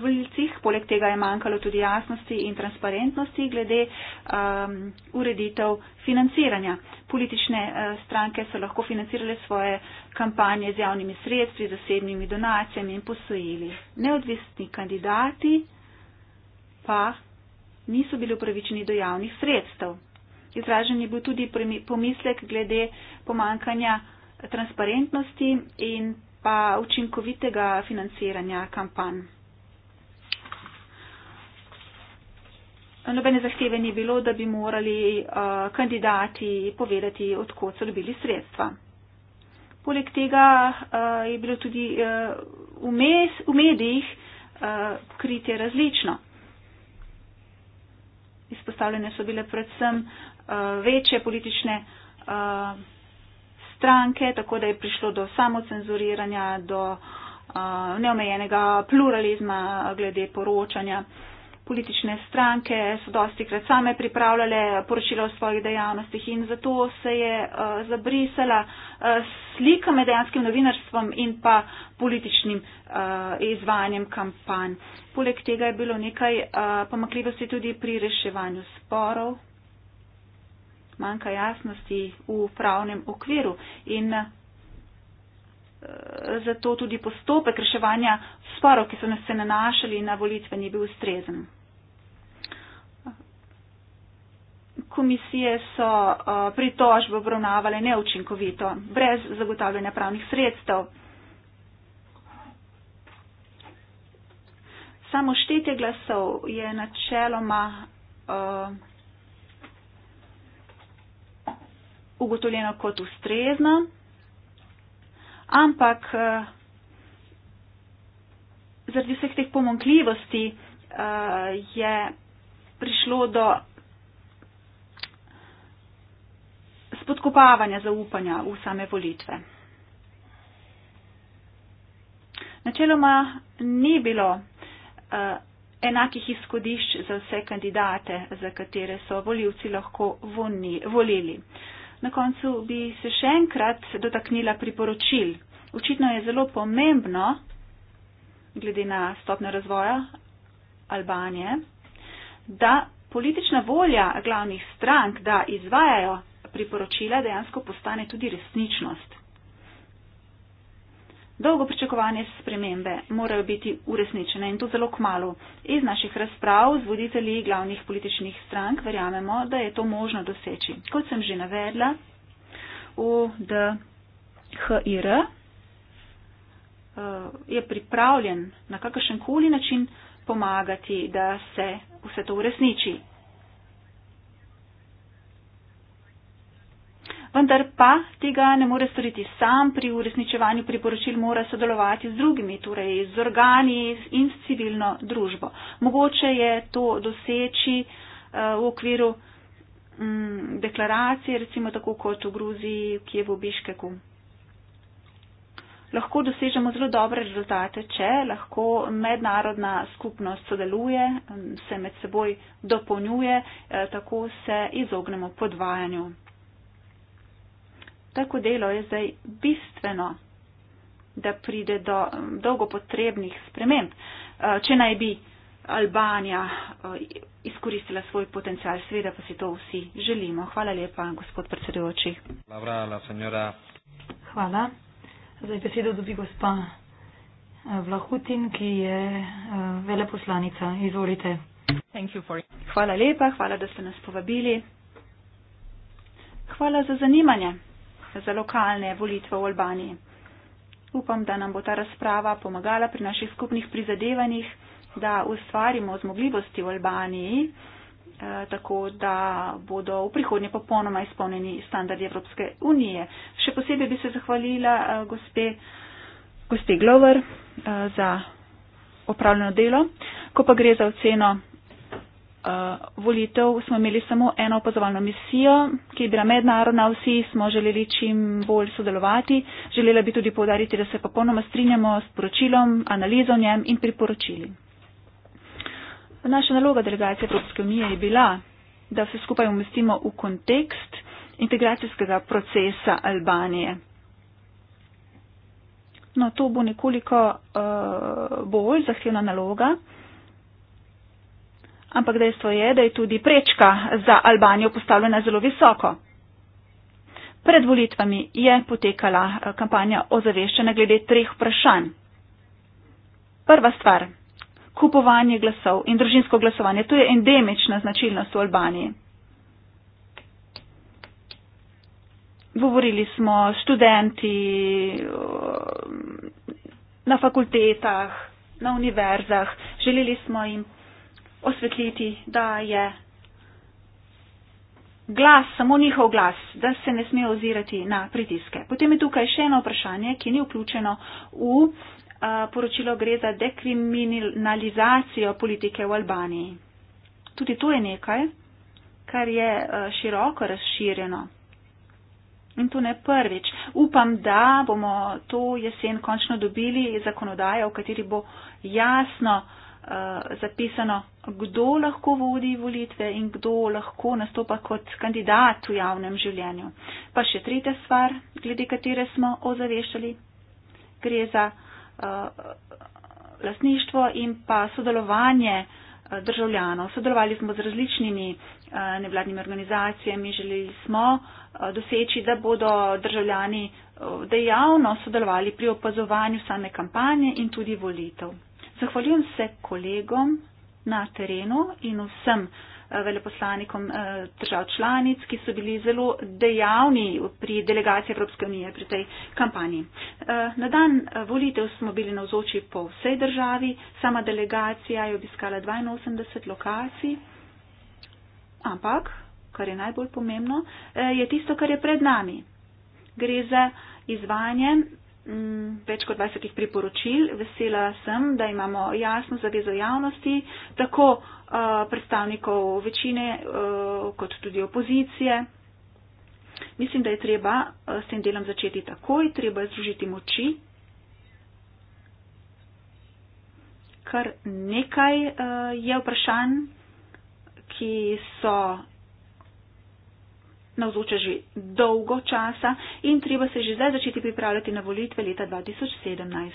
volilcih. Poleg tega je manjkalo tudi jasnosti in transparentnosti glede um, ureditev financiranja. Politične uh, stranke so lahko financirale svoje kampanje z javnimi sredstvi, zasebnimi donacijami in posojili. Neodvisni kandidati pa niso bili upravičeni do javnih sredstev. Izražen je bil tudi pomislek glede pomankanja transparentnosti in pa učinkovitega financiranja kampanj. Nobene zahteve ni bilo, da bi morali uh, kandidati povedati, odkot so dobili sredstva. Poleg tega uh, je bilo tudi uh, v, mes, v medijih uh, kritje različno izpostavljene so bile predvsem eh, večje politične eh, stranke, tako da je prišlo do samocenzuriranja, do eh, neomejenega pluralizma glede poročanja politične stranke so dosti krat same pripravljale poročila o svojih dejavnostih in zato se je uh, zabrisala uh, slika med dejanskim novinarstvom in pa političnim uh, eh, izvanjem kampanj. Poleg tega je bilo nekaj uh, pomakljivosti tudi pri reševanju sporov. Manjka jasnosti v pravnem okviru in zato tudi postopek reševanja sporov, ki so nas se nanašali na volitve, ni bil ustrezen. Komisije so pritožbe obravnavale neučinkovito, brez zagotavljanja pravnih sredstev. Samo štetje glasov je načeloma uh, ugotovljeno kot ustrezno ampak eh, zaradi vseh teh pomankljivosti eh, je prišlo do spodkopavanja zaupanja v same volitve. Načeloma ni bilo uh, enakih izhodišč za vse kandidate, za katere so voljivci lahko volili. Uh, Na koncu bi se še enkrat dotaknila priporočil. Očitno je zelo pomembno, glede na stopno razvoja Albanije, da politična volja glavnih strank, da izvajajo priporočila, dejansko postane tudi resničnost. Dolgo pričakovane spremembe morajo biti uresničene in to zelo k malu. Iz naših razprav z voditelji glavnih političnih strank verjamemo, da je to možno doseči. Kot sem že navedla, v DHIR eh, je pripravljen na kakršen koli način pomagati, da se vse to uresniči. vendar pa tega ne more storiti sam, pri uresničevanju priporočil mora sodelovati z drugimi, torej z organi in s civilno družbo. Mogoče je to doseči eh, v okviru mm, deklaracije, recimo tako kot v Gruziji, ki je v Biškeku. Lahko dosežemo zelo dobre rezultate, če lahko mednarodna skupnost sodeluje, mm, se med seboj dopolnjuje, eh, tako se izognemo podvajanju. Tako delo je zdaj bistveno, da pride do dolgopotrebnih sprememb, eh, če naj bi Albanija eh, izkoristila svoj potencial. Sveda pa si to vsi želimo. Hvala lepa, gospod predsedujoči. Hvala. Zdaj besedo dobi gospa eh, Vlahutin, ki je veleposlanica. Izvolite. Hvala lepa, hvala, da ste nas povabili. Hvala za zanimanje za lokalne volitve v Albaniji. Upam, da nam bo ta razprava pomagala pri naših skupnih prizadevanjih, da ustvarimo zmogljivosti v Albaniji, eh, tako da bodo v prihodnje popolnoma izpolneni standardi Evropske unije. Še posebej bi se zahvalila eh, gospe, gospe Glover eh, za opravljeno delo. Ko pa gre za oceno uh, volitev smo imeli samo eno opazovalno misijo, ki je bila mednarodna, vsi smo želeli čim bolj sodelovati. Želela bi tudi povdariti, da se popolnoma strinjamo s poročilom, analizo njem in priporočili. Naša naloga delegacije Evropske unije je bila, da se skupaj umestimo v kontekst integracijskega procesa Albanije. No, to bo nekoliko uh, bolj zahtevna naloga ampak dejstvo je, da je tudi prečka za Albanijo postavljena zelo visoko. Pred volitvami je potekala eh, kampanja ozaveščena glede treh vprašanj. Prva stvar. Kupovanje glasov in družinsko glasovanje. To je endemična značilnost v Albaniji. Govorili smo študenti eh, na fakultetah, na univerzah. Želeli smo jim osvetliti, da je glas samo njihov glas, da se ne sme ozirati na pritiske. Potem je tukaj še eno vprašanje, ki ni vključeno v a, eh, poročilo, gre za dekriminalizacijo politike v Albaniji. Tudi to je nekaj, kar je a, eh, široko razširjeno. In to ne prvič. Upam, da bomo to jesen končno dobili zakonodajo, v kateri bo jasno, Eh, zapisano, kdo lahko vodi volitve in kdo lahko nastopa kot kandidat v javnem življenju. Pa še tretja stvar, glede katere smo ozaveščali, gre za uh, eh, lasništvo in pa sodelovanje uh, državljanov. Sodelovali smo z različnimi uh, nevladnimi organizacijami, želeli smo uh, doseči, da bodo državljani uh, dejavno sodelovali pri opazovanju same kampanje in tudi volitev. Zahvaljujem se kolegom na terenu in vsem eh, veleposlanikom eh, držav članic, ki so bili zelo dejavni pri delegaciji Evropske unije pri tej kampanji. Eh, na dan volitev smo bili navzoči po vsej državi, sama delegacija je obiskala 82 lokacij, ampak, kar je najbolj pomembno, je tisto, kar je pred nami. Gre za izvajanje Mm, več kot 20 priporočil. Vesela sem, da imamo jasno zavezo javnosti, tako eh, predstavnikov večine eh, kot tudi opozicije. Mislim, da je treba eh, s tem delom začeti takoj, treba je združiti moči. Kar nekaj je vprašanj, ki so navzoča že dolgo časa in treba se že zdaj začeti pripravljati na volitve leta 2017.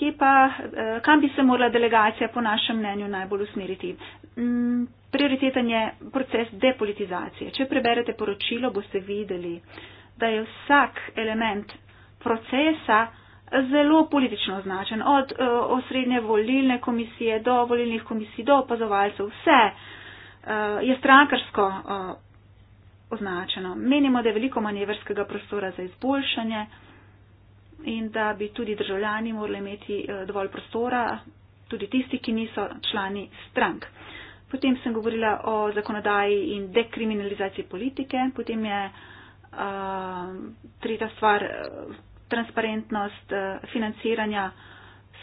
Kje pa, eh, kam bi se morala delegacija po našem mnenju najbolj usmeriti? Mm, Prioriteten je proces depolitizacije. Če preberete poročilo, boste videli, da je vsak element procesa zelo politično označen, od eh, osrednje volilne komisije do volilnih komisij, do opazovalcev, vse eh, je strankarsko označeno. Menimo, da je veliko manjeverskega prostora za izboljšanje in da bi tudi državljani morali imeti eh, dovolj prostora, tudi tisti, ki niso člani strank. Potem sem govorila o zakonodaji in dekriminalizaciji politike, potem je uh, tretja stvar eh, transparentnost uh, financiranja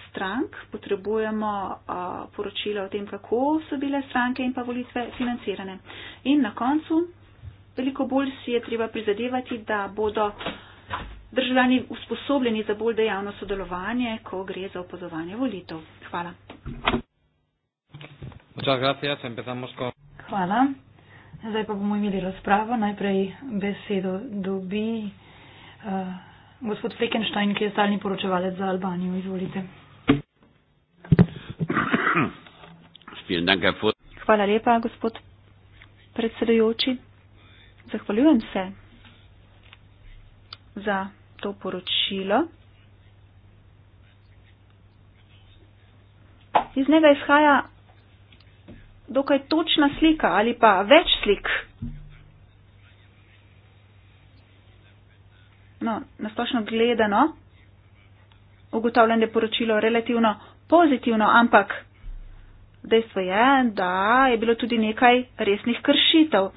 strank. Potrebujemo uh, poročila o tem, kako so bile stranke in pa volitve financirane. In na koncu veliko bolj si je treba prizadevati, da bodo državljani usposobljeni za bolj dejavno sodelovanje, ko gre za opozovanje volitev. Hvala. Hvala. Zdaj pa bomo imeli razpravo. Najprej besedo dobi uh, gospod Fekenštajn, ki je stalni poročevalec za Albanijo. Izvolite. Hvala lepa, gospod predsedujoči. Zahvaljujem se za to poročilo. Iz njega izhaja dokaj točna slika ali pa več slik. No, nastošno gledano, ugotavljam, da je poročilo relativno pozitivno, ampak dejstvo je, da je bilo tudi nekaj resnih kršitev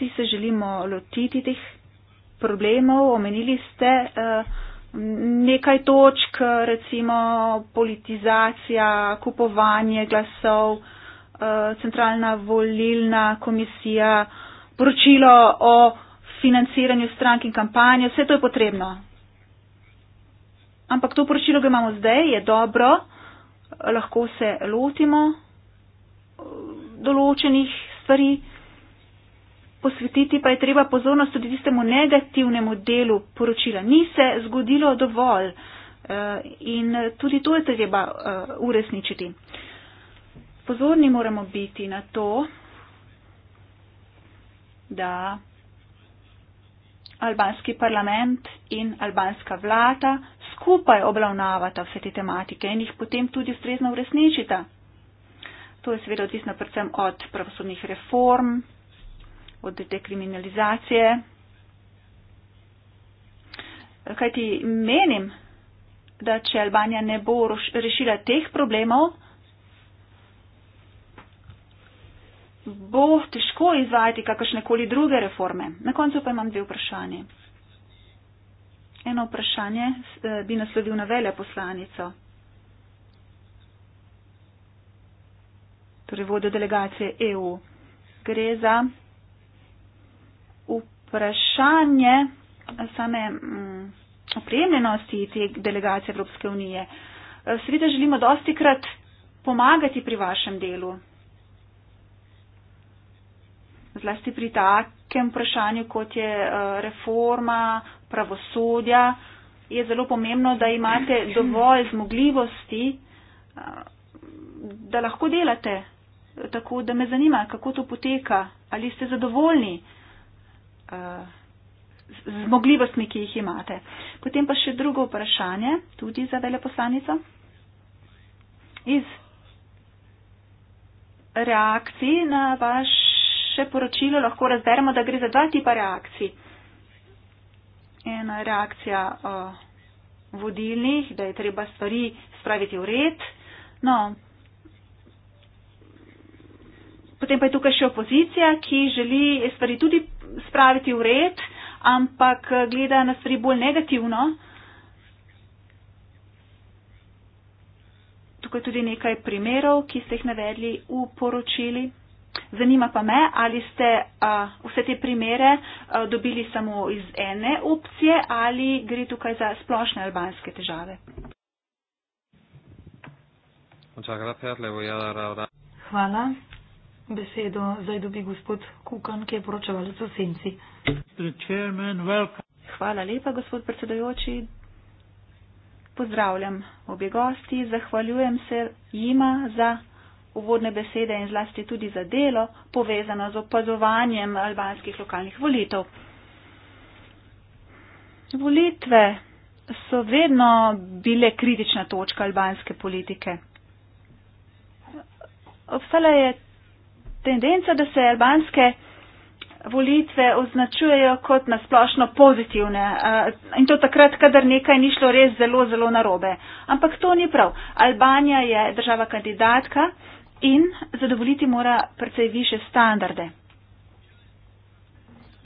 vsi se želimo lotiti teh problemov. Omenili ste eh, nekaj točk, recimo politizacija, kupovanje glasov, eh, centralna volilna komisija, poročilo o financiranju strank in kampanje, vse to je potrebno. Ampak to poročilo, ki imamo zdaj, je dobro, lahko se lotimo eh, določenih stvari posvetiti pa je treba pozornost tudi tistemu negativnemu delu poročila. Ni se zgodilo dovolj eh, in tudi to je treba eh, uresničiti. Pozorni moramo biti na to, da albanski parlament in albanska vlada skupaj obravnavata vse te tematike in jih potem tudi ustrezno uresničita. To je seveda odvisno predvsem od pravosodnih reform, od dekriminalizacije. Kajti menim, da če Albanija ne bo rešila teh problemov, bo težko izvajati kakršnekoli druge reforme. Na koncu pa imam dve vprašanje. Eno vprašanje eh, bi naslovil na vele poslanico, torej vodo delegacije EU. Gre za vprašanje same mm, opremljenosti te delegacije Evropske unije. Eh, seveda želimo dosti krat pomagati pri vašem delu. Zlasti pri takem vprašanju, kot je eh, reforma pravosodja, je zelo pomembno, da imate dovolj zmogljivosti, eh, da lahko delate. Tako da me zanima, kako to poteka. Ali ste zadovoljni? Eh, zmogljivostmi, ki jih imate. Potem pa še drugo vprašanje, tudi za veleposlanico. Iz reakcij na vaše poročilo lahko razberemo, da gre za dva tipa reakcij. Ena reakcija uh, vodilnih, da je treba stvari spraviti v red. No. Potem pa je tukaj še opozicija, ki želi stvari tudi spraviti v red, ampak eh, gleda na stvari bolj negativno. Tukaj tudi nekaj primerov, ki ste jih navedli v poročili. Zanima pa me, ali ste a, eh, vse te primere a, eh, dobili samo iz ene opcije ali gre tukaj za splošne albanske težave. Hvala. Besedo zdaj dobi gospod Kukan, ki je poročevalec v Senci. Hvala lepa, gospod predsedujoči. Pozdravljam obje gosti, zahvaljujem se jima za uvodne besede in zlasti tudi za delo, povezano z opazovanjem albanskih lokalnih volitev. Volitve so vedno bile kritična točka albanske politike. Obstala je tendenca, da se albanske volitve označujejo kot nasplošno pozitivne in to takrat, kadar nekaj ni šlo res zelo, zelo narobe. Ampak to ni prav. Albanija je država kandidatka in zadovoljiti mora precej više standarde.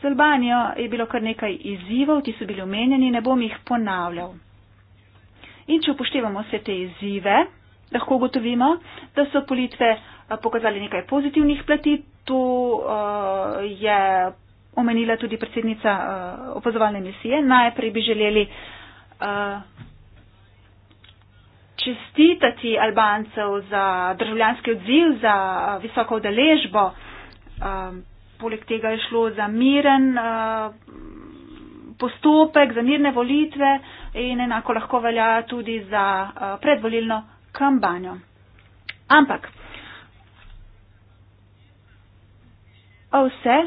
Z Albanijo je bilo kar nekaj izzivov, ti so bili omenjeni, ne bom jih ponavljal. In če upoštevamo vse te izzive, lahko gotovimo, da so politve Eh, pokazali nekaj pozitivnih plati. Tu uh, eh, je omenila tudi predsednica uh, opazovalne misije. Najprej bi želeli uh, čestitati Albancev za državljanski odziv, za uh, visoko odeležbo. Um, poleg tega je šlo za miren uh, postopek, za mirne volitve in enako lahko velja tudi za uh, predvolilno kampanjo. Ampak, vse, eh,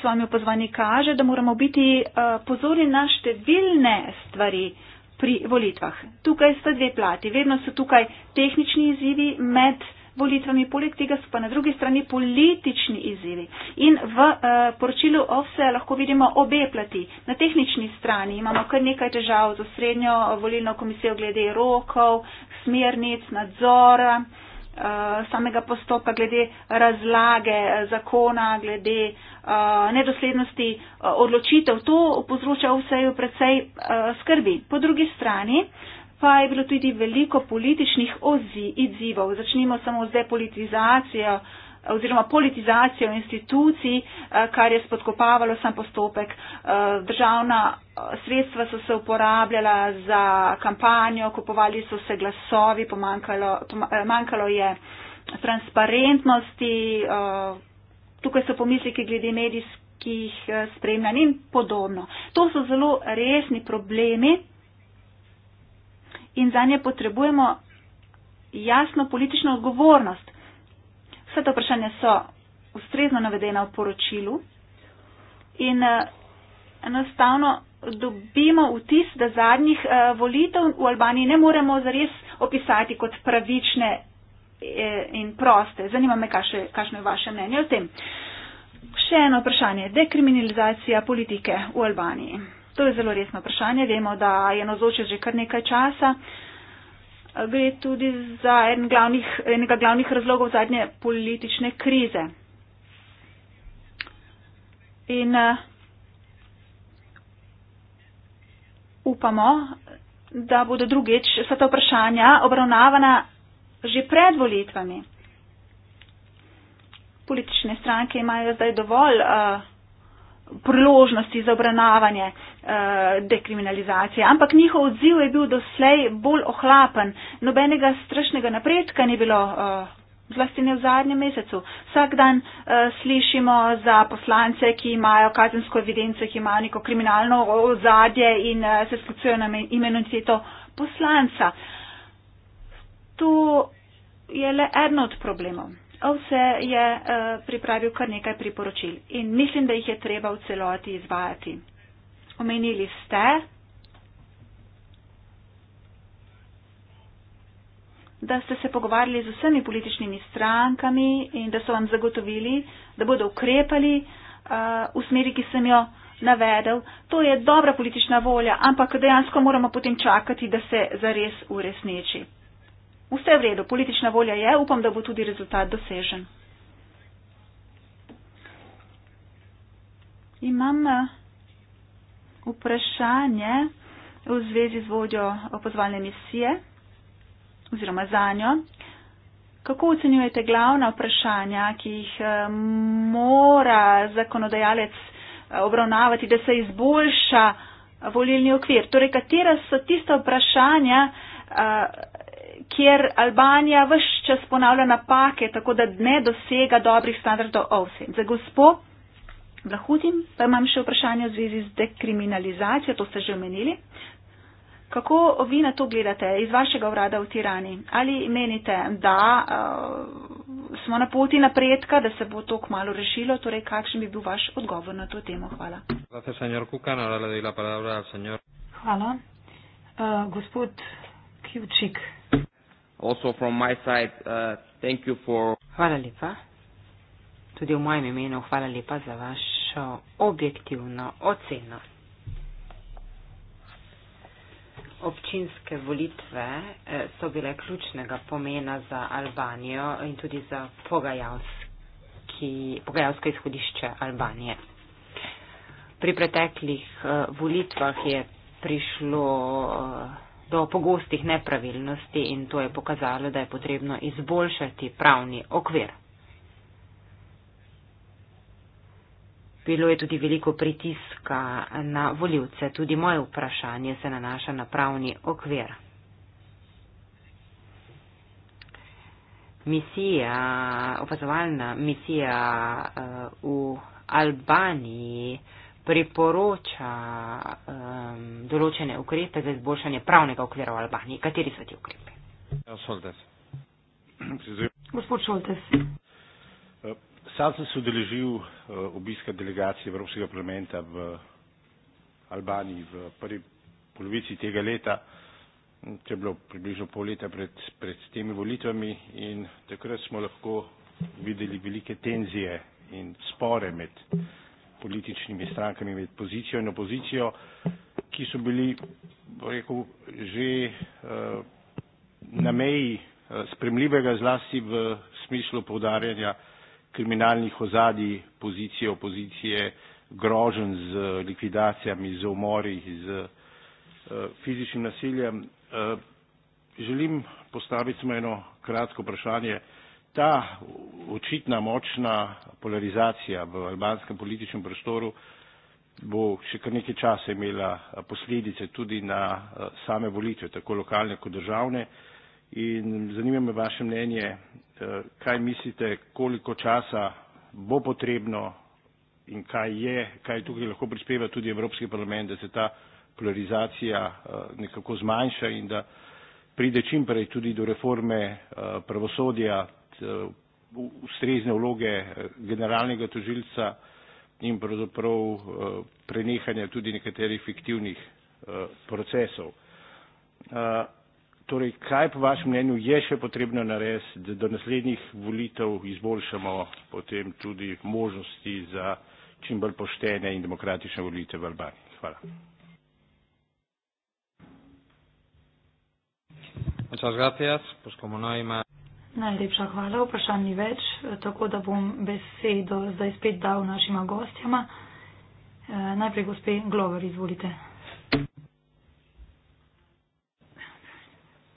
s vami opozvani kaže, da moramo biti eh, pozorni na številne stvari pri volitvah. Tukaj sta dve plati. Vedno so tukaj tehnični izzivi med volitvami, poleg tega so pa na drugi strani politični izzivi. In v eh, poročilu OVSE lahko vidimo obe plati. Na tehnični strani imamo kar nekaj težav z osrednjo volilno komisijo glede rokov, smernic, nadzora. Eh, samega postopka, glede razlage eh, zakona, glede eh, nedoslednosti odločitev. To povzroča vseju predvsej skrbi. Po drugi strani pa je bilo tudi veliko političnih odzivov. Začnimo samo z depolitizacijo oziroma politizacijo institucij, eh, kar je spodkopavalo sam postopek. Eh, državna eh, sredstva so se uporabljala za kampanjo, kupovali so se glasovi, pomankalo, pomankalo je transparentnosti, tukaj so pomisliki glede medijskih spremljanj in podobno. To so zelo resni problemi in za nje potrebujemo jasno politično odgovornost. Vse to vprašanje so ustrezno navedena v poročilu in eh, enostavno dobimo vtis, da zadnjih eh, volitev v Albaniji ne moremo zares opisati kot pravične eh, in proste. Zanima me, kakšno je vaše mnenje o tem. Še eno vprašanje. Dekriminalizacija politike v Albaniji. To je zelo resno vprašanje. Vemo, da je nozoče že kar nekaj časa. Uh, gre tudi za en glavnih, enega glavnih razlogov zadnje politične krize. In uh, upamo, da bodo drugič vsa ta vprašanja obravnavana že pred volitvami. Politične stranke imajo zdaj dovolj. Uh, priložnosti za obravnavanje eh, dekriminalizacije, ampak njihov odziv je bil doslej bolj ohlapen, nobenega strašnega napredka ni bilo. Eh, Zlasti ne v zadnjem mesecu. Vsak dan uh, slišimo za poslance, ki imajo kazensko evidenco, ki imajo neko kriminalno ozadje in uh, se sklicujejo na imenoviteto poslanca. To je le eno od problemov. Ovce je uh, pripravil kar nekaj priporočil in mislim, da jih je treba v celoti izvajati. Omenili ste, da ste se pogovarjali z vsemi političnimi strankami in da so vam zagotovili, da bodo ukrepali uh, v smeri, ki sem jo navedel. To je dobra politična volja, ampak dejansko moramo potem čakati, da se zares uresniči. Vse v redu, politična volja je, upam, da bo tudi rezultat dosežen. Imam eh, vprašanje v zvezi z vodjo opozvalne misije oziroma za njo. Kako ocenjujete glavna vprašanja, ki jih eh, mora zakonodajalec eh, obravnavati, da se izboljša volilni okvir? Torej, katera so tista vprašanja, kjer Albanija vse čas ponavlja napake, tako da ne dosega dobrih standardov OVSE. Za gospo Blahudin pa imam še vprašanje v zvezi z dekriminalizacijo, to ste že omenili. Kako vi na to gledate iz vašega urada v Tirani? Ali menite, da uh, smo na poti napredka, da se bo to kmalo rešilo? Torej, kakšen bi bil vaš odgovor na to temo? Hvala. Hvala. Uh, gospod Kivčik, Also from my side, uh, thank you for hvala lepa. Tudi v mojem imenu hvala lepa za vašo objektivno oceno. Občinske volitve eh, so bile ključnega pomena za Albanijo in tudi za pogajalsko izhodišče Albanije. Pri preteklih eh, volitvah je prišlo eh, do pogostih nepravilnosti in to je pokazalo, da je potrebno izboljšati pravni okvir. Bilo je tudi veliko pritiska na voljivce. Tudi moje vprašanje se nanaša na pravni okvir. Misija, opazovalna misija eh, v Albaniji, priporoča um, določene ukrepe za izboljšanje pravnega okvira v Albaniji. Kateri so ti ukrepi? Ja, Gospod Šoltes. Eh, sam sem se udeležil eh, obiska delegacije Evropskega parlamenta v Albaniji v prvi polovici tega leta, če je bilo približno pol leta pred, pred temi volitvami in takrat smo lahko videli velike tenzije in spore med političnimi strankami med pozicijo in opozicijo, ki so bili, bo rekel, že eh, na meji eh, spremljivega zlasti v smislu povdarjanja kriminalnih ozadij pozicije opozicije, grožen z likvidacijami, z umori, z eh, fizičnim nasiljem. Želim postaviti samo eno kratko vprašanje ta očitna močna polarizacija v albanskem političnem prostoru bo še kar nekaj časa imela eh, posledice tudi na eh, same volitve, tako lokalne kot državne. In zanima me vaše mnenje, eh, kaj mislite, koliko časa bo potrebno in kaj je, kaj tukaj lahko prispeva tudi Evropski parlament, da se ta polarizacija nekako zmanjša in da pride čim prej tudi do reforme pravosodja, Eh, ustrezne vloge eh, generalnega tožilca in pravzaprav eh, prenehanja tudi nekaterih fiktivnih procesov. Torej, kaj po vašem mnenju je še potrebno narediti, da do naslednjih volitev izboljšamo potem tudi možnosti za čim bolj poštene in demokratične volitve v Albaniji? Hvala. Muchas gracias. Pues como no hay más. Najlepša hvala, vprašanj ni več, tako da bom besedo zdaj spet dal našima gostjama. E, najprej gospe Glover, izvolite.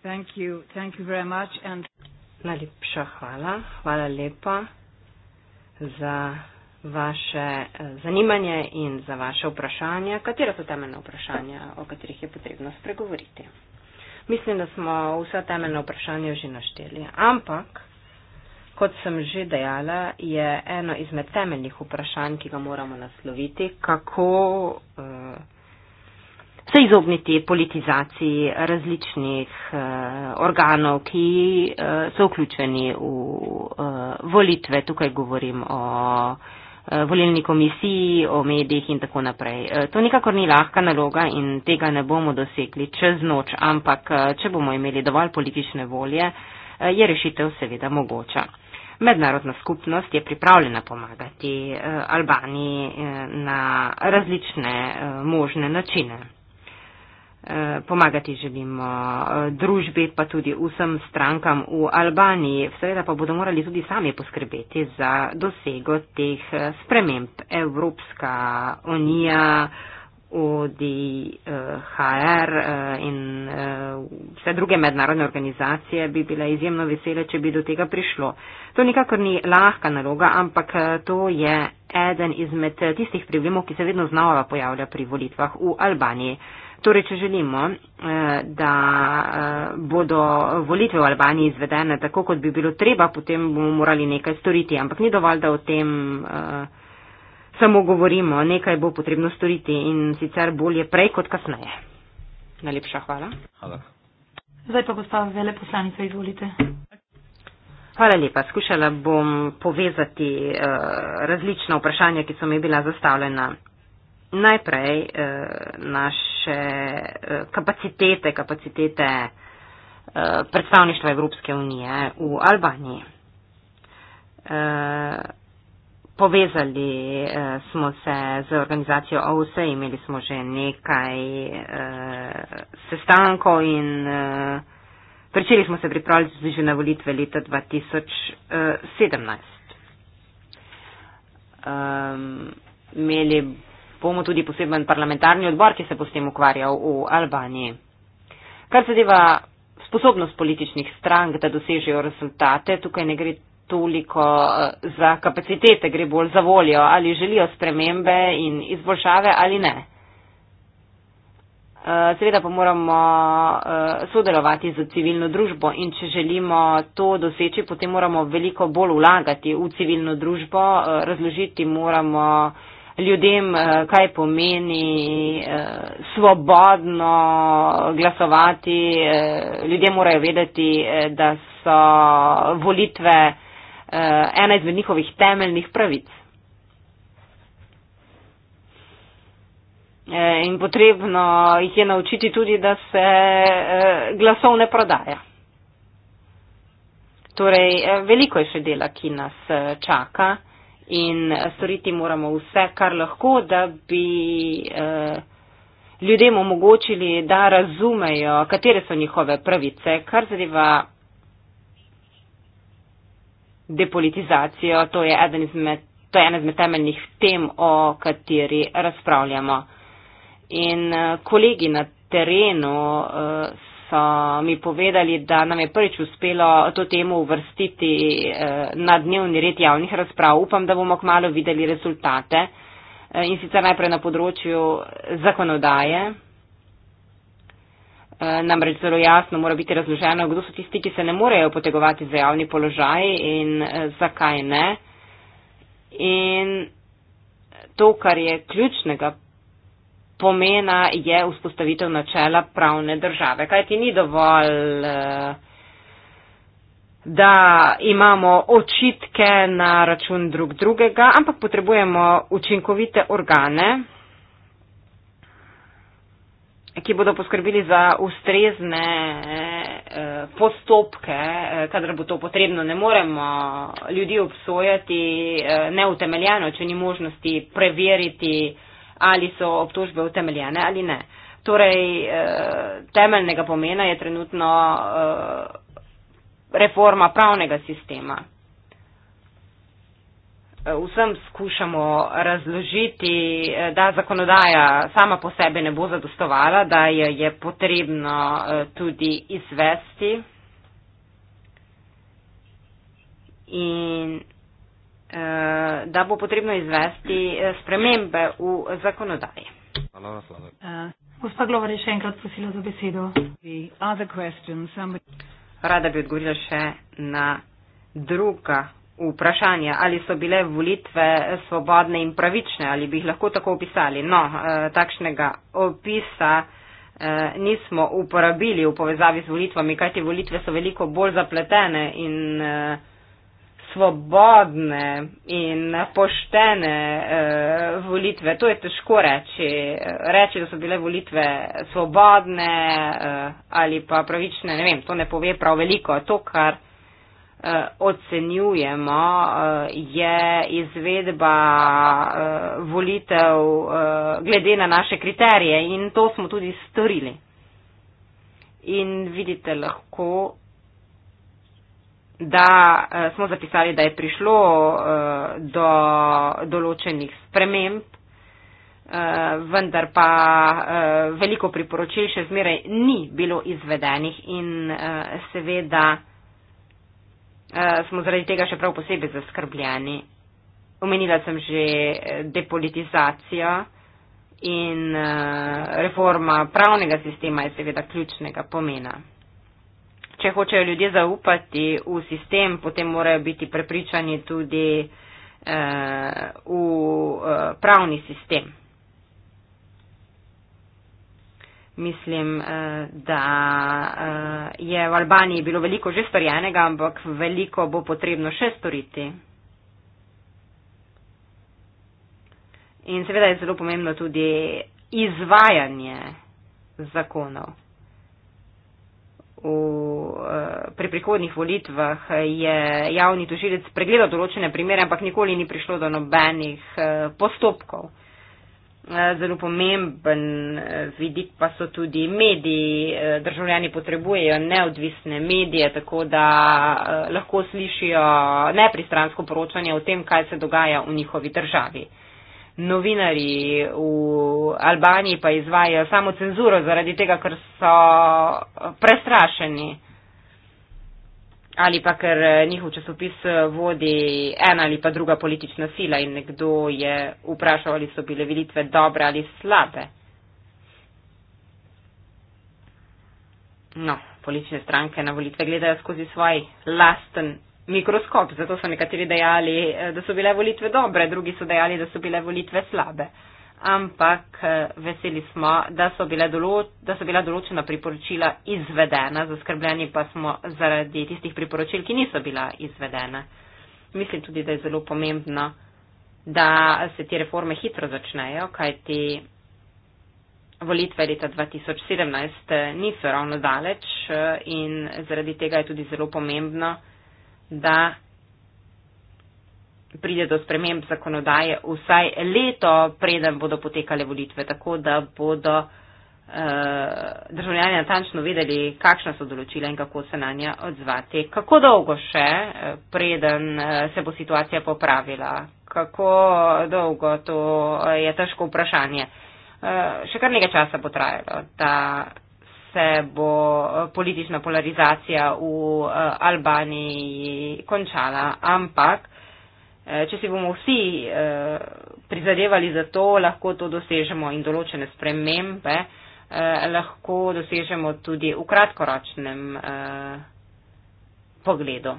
Thank you. Thank you very much and... Najlepša hvala, hvala lepa za vaše e, zanimanje in za vaše vprašanje. Katera so temeljna vprašanja, o katerih je potrebno spregovoriti? Mislim, da smo vsa temeljna vprašanja že našteli. Ampak, kot sem že dejala, je eno izmed temeljnih vprašanj, ki ga moramo nasloviti, kako uh, se izogniti politizaciji različnih uh, organov, ki uh, so vključeni v uh, volitve. Tukaj govorim o. Uh, Eh, volilni komisiji, o medijih in tako naprej. Eh, to nikakor ni lahka naloga in tega ne bomo dosekli čez noč, ampak eh, če bomo imeli dovolj politične volje, je rešitev seveda mogoča. Mednarodna skupnost je pripravljena pomagati Albaniji na različne možne načine. Eh, pomagati želimo eh, družbi, pa tudi vsem strankam v Albaniji. Seveda pa bodo morali tudi sami poskrbeti za dosego teh eh, sprememb. Evropska unija, ODHR in vse druge mednarodne organizacije bi bile izjemno vesele, če bi do tega prišlo. To nikakor ni lahka naloga, ampak to je eden izmed tistih problemov, ki se vedno znova pojavlja pri volitvah v Albaniji. Torej, če želimo, eh, da eh, bodo volitve v Albaniji izvedene tako, kot bi bilo treba, potem bomo morali nekaj storiti. Ampak ni dovolj, da o tem eh, samo govorimo. Nekaj bo potrebno storiti in sicer bolje prej kot kasneje. Najlepša hvala. Hvala. Zdaj pa gospa veleposlanica, izvolite. Hvala lepa. Skušala bom povezati uh, različna vprašanja, ki so mi bila zastavljena najprej eh, naše eh, kapacitete, kapacitete eh, predstavništva Evropske unije v Albaniji. Eh, povezali eh, smo se z organizacijo OSE, imeli smo že nekaj eh, sestankov in eh, pričeli smo se pripravljati že na volitve leta 2017. Um, eh, eh, imeli bomo tudi poseben parlamentarni odbor, ki se bo s tem ukvarjal v Albaniji. Kar zadeva sposobnost političnih strank, da dosežejo rezultate, tukaj ne gre toliko eh, za kapacitete, gre bolj za voljo, ali želijo spremembe in izboljšave ali ne. Eh, seveda pa moramo eh, sodelovati z civilno družbo in če želimo to doseči, potem moramo veliko bolj vlagati v civilno družbo, razložiti moramo ljudem, eh, kaj pomeni eh, svobodno glasovati. Eh, ljudje morajo vedeti, da so volitve ena izmed njihovih temeljnih pravic. In potrebno jih je naučiti tudi, da se glasov ne prodaja. Torej, veliko je še dela, ki nas čaka in storiti moramo vse, kar lahko, da bi eh, ljudem omogočili, da razumejo, katere so njihove pravice, kar zadeva depolitizacijo. To je eden izmed. To je ena izmed temeljnih tem, o kateri razpravljamo. In eh, kolegi na terenu eh, so mi povedali, da nam je prvič uspelo to temo uvrstiti eh, na dnevni red javnih razprav. Upam, da bomo kmalo videli rezultate eh, in sicer najprej na področju eh, zakonodaje. Namreč zelo jasno mora biti razloženo, kdo so tisti, ki se ne morejo potegovati za javni položaj in zakaj ne. In to, kar je ključnega pomena je vzpostavitev načela pravne države. Kaj ti ni dovolj, eh, da imamo očitke na račun drug drugega, ampak potrebujemo učinkovite organe, ki bodo poskrbeli za ustrezne eh, postopke, eh, kadar bo to potrebno. Ne moremo ljudi obsojati neutemeljeno, če ni možnosti preveriti, ali so obtožbe utemeljene ali ne. Torej, eh, temeljnega pomena je trenutno eh, reforma pravnega sistema. Eh, vsem skušamo razložiti, da zakonodaja sama po sebi ne bo zadostovala, da jo je potrebno tudi izvesti. In Eh, da bo potrebno izvesti eh, spremembe v zakonodaji. Hvala, Slavek. Eh, gospa Glover je še enkrat prosila za besedo. Rada bi odgovorila še na druga vprašanja. Ali so bile volitve svobodne in pravične, ali bi jih lahko tako opisali? No, takšnega opisa nismo uporabili v povezavi z volitvami, kajti volitve so veliko bolj zapletene in svobodne in poštene eh, volitve. To je težko reči. Reči, da so bile volitve svobodne eh, ali pa pravične, ne vem, to ne pove prav veliko. To, kar eh, ocenjujemo, eh, je izvedba eh, volitev eh, glede na naše kriterije in to smo tudi storili. In vidite, lahko da uh, smo zapisali, da je prišlo uh, do določenih sprememb, uh, vendar pa uh, veliko priporočil še zmeraj ni bilo izvedenih in uh, seveda uh, smo zaradi tega še prav posebej zaskrbljeni. Omenila sem že depolitizacijo in uh, reforma pravnega sistema je seveda ključnega pomena če hočejo ljudje zaupati v sistem, potem morajo biti prepričani tudi eh, v eh, pravni sistem. Mislim, eh, da eh, je v Albaniji bilo veliko že storjenega, ampak veliko bo potrebno še storiti. In seveda je zelo pomembno tudi izvajanje zakonov v, eh, pri prihodnih volitvah je javni tožilec pregledal določene primere, ampak nikoli ni prišlo do nobenih eh, postopkov. Eh, zelo pomemben vidik pa so tudi mediji. Državljani potrebujejo neodvisne medije, tako da lahko slišijo nepristransko poročanje o tem, kaj se dogaja v njihovi državi novinari v Albaniji pa izvajajo samo cenzuro zaradi tega, ker so prestrašeni ali pa ker eh, njihov časopis eh, vodi ena ali pa druga politična sila in nekdo je vprašal, ali so bile vidite dobre ali slabe. No, politične stranke na volitve gledajo skozi svoj lasten mikroskop, zato so nekateri dejali, eh, da so bile volitve dobre, drugi so dejali, da so bile volitve slabe. Ampak eh, veseli smo, da so, dolo da so bila določena priporočila izvedena, zaskrbljeni pa smo zaradi tistih priporočil, ki niso bila izvedena. Mislim tudi, da je zelo pomembno, da se te reforme hitro začnejo, kajti volitve leta 2017 eh, niso ravno daleč in zaradi tega je tudi zelo pomembno, da pride do sprememb zakonodaje vsaj leto, preden bodo potekale volitve, tako da bodo eh, državljani natančno vedeli, kakšna so določila in kako se na nje odzvati. Kako dolgo še, eh, preden eh, se bo situacija popravila? Kako dolgo to eh, je težko vprašanje? Eh, še kar nekaj časa bo trajalo, da se bo eh, politična polarizacija v eh, Albaniji končala. Ampak, eh, če si bomo vsi prizadevali za to, lahko to dosežemo in določene spremembe lahko dosežemo tudi v kratkoročnem pogledu.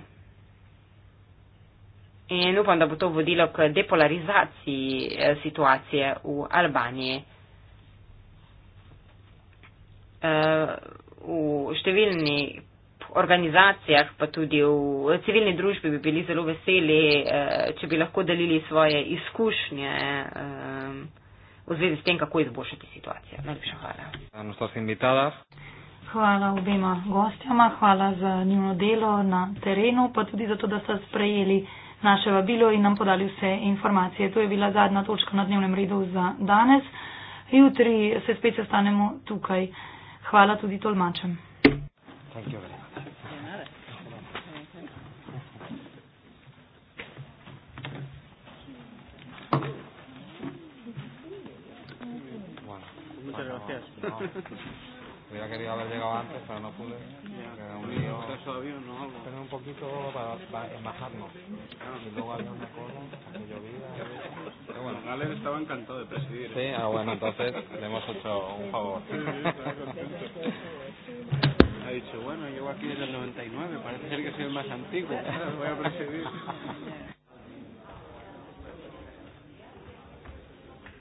In upam, da bo to vodilo k depolarizaciji situacije v Albaniji. Eh, v številnih organizacijah, pa tudi v civilni družbi bi bili zelo veseli, eh, če bi lahko delili svoje izkušnje eh, v zvezi s tem, kako izboljšati situacijo. Najlepša hvala. Hvala obema gostjama, hvala za njuno delo na terenu, pa tudi za to, da ste sprejeli naše vabilo in nam podali vse informacije. To je bila zadnja točka na dnevnem redu za danes. Jutri se spet sestanemo tukaj. Hvala tudi tolmačem. Thank you. Hubiera querido haber llegado antes, pero no pude. Era un lío. Tener ¿no? un poquito para, para embajarnos. Ah. Y luego había una cola, aquí llovida. Pero bueno, Galer estaba encantado de presidir. Sí, ¿eh? ah, bueno, entonces le hemos hecho un favor. Ha dicho, bueno, llevo aquí desde el 99, parece ser que soy el más antiguo. Voy a presidir.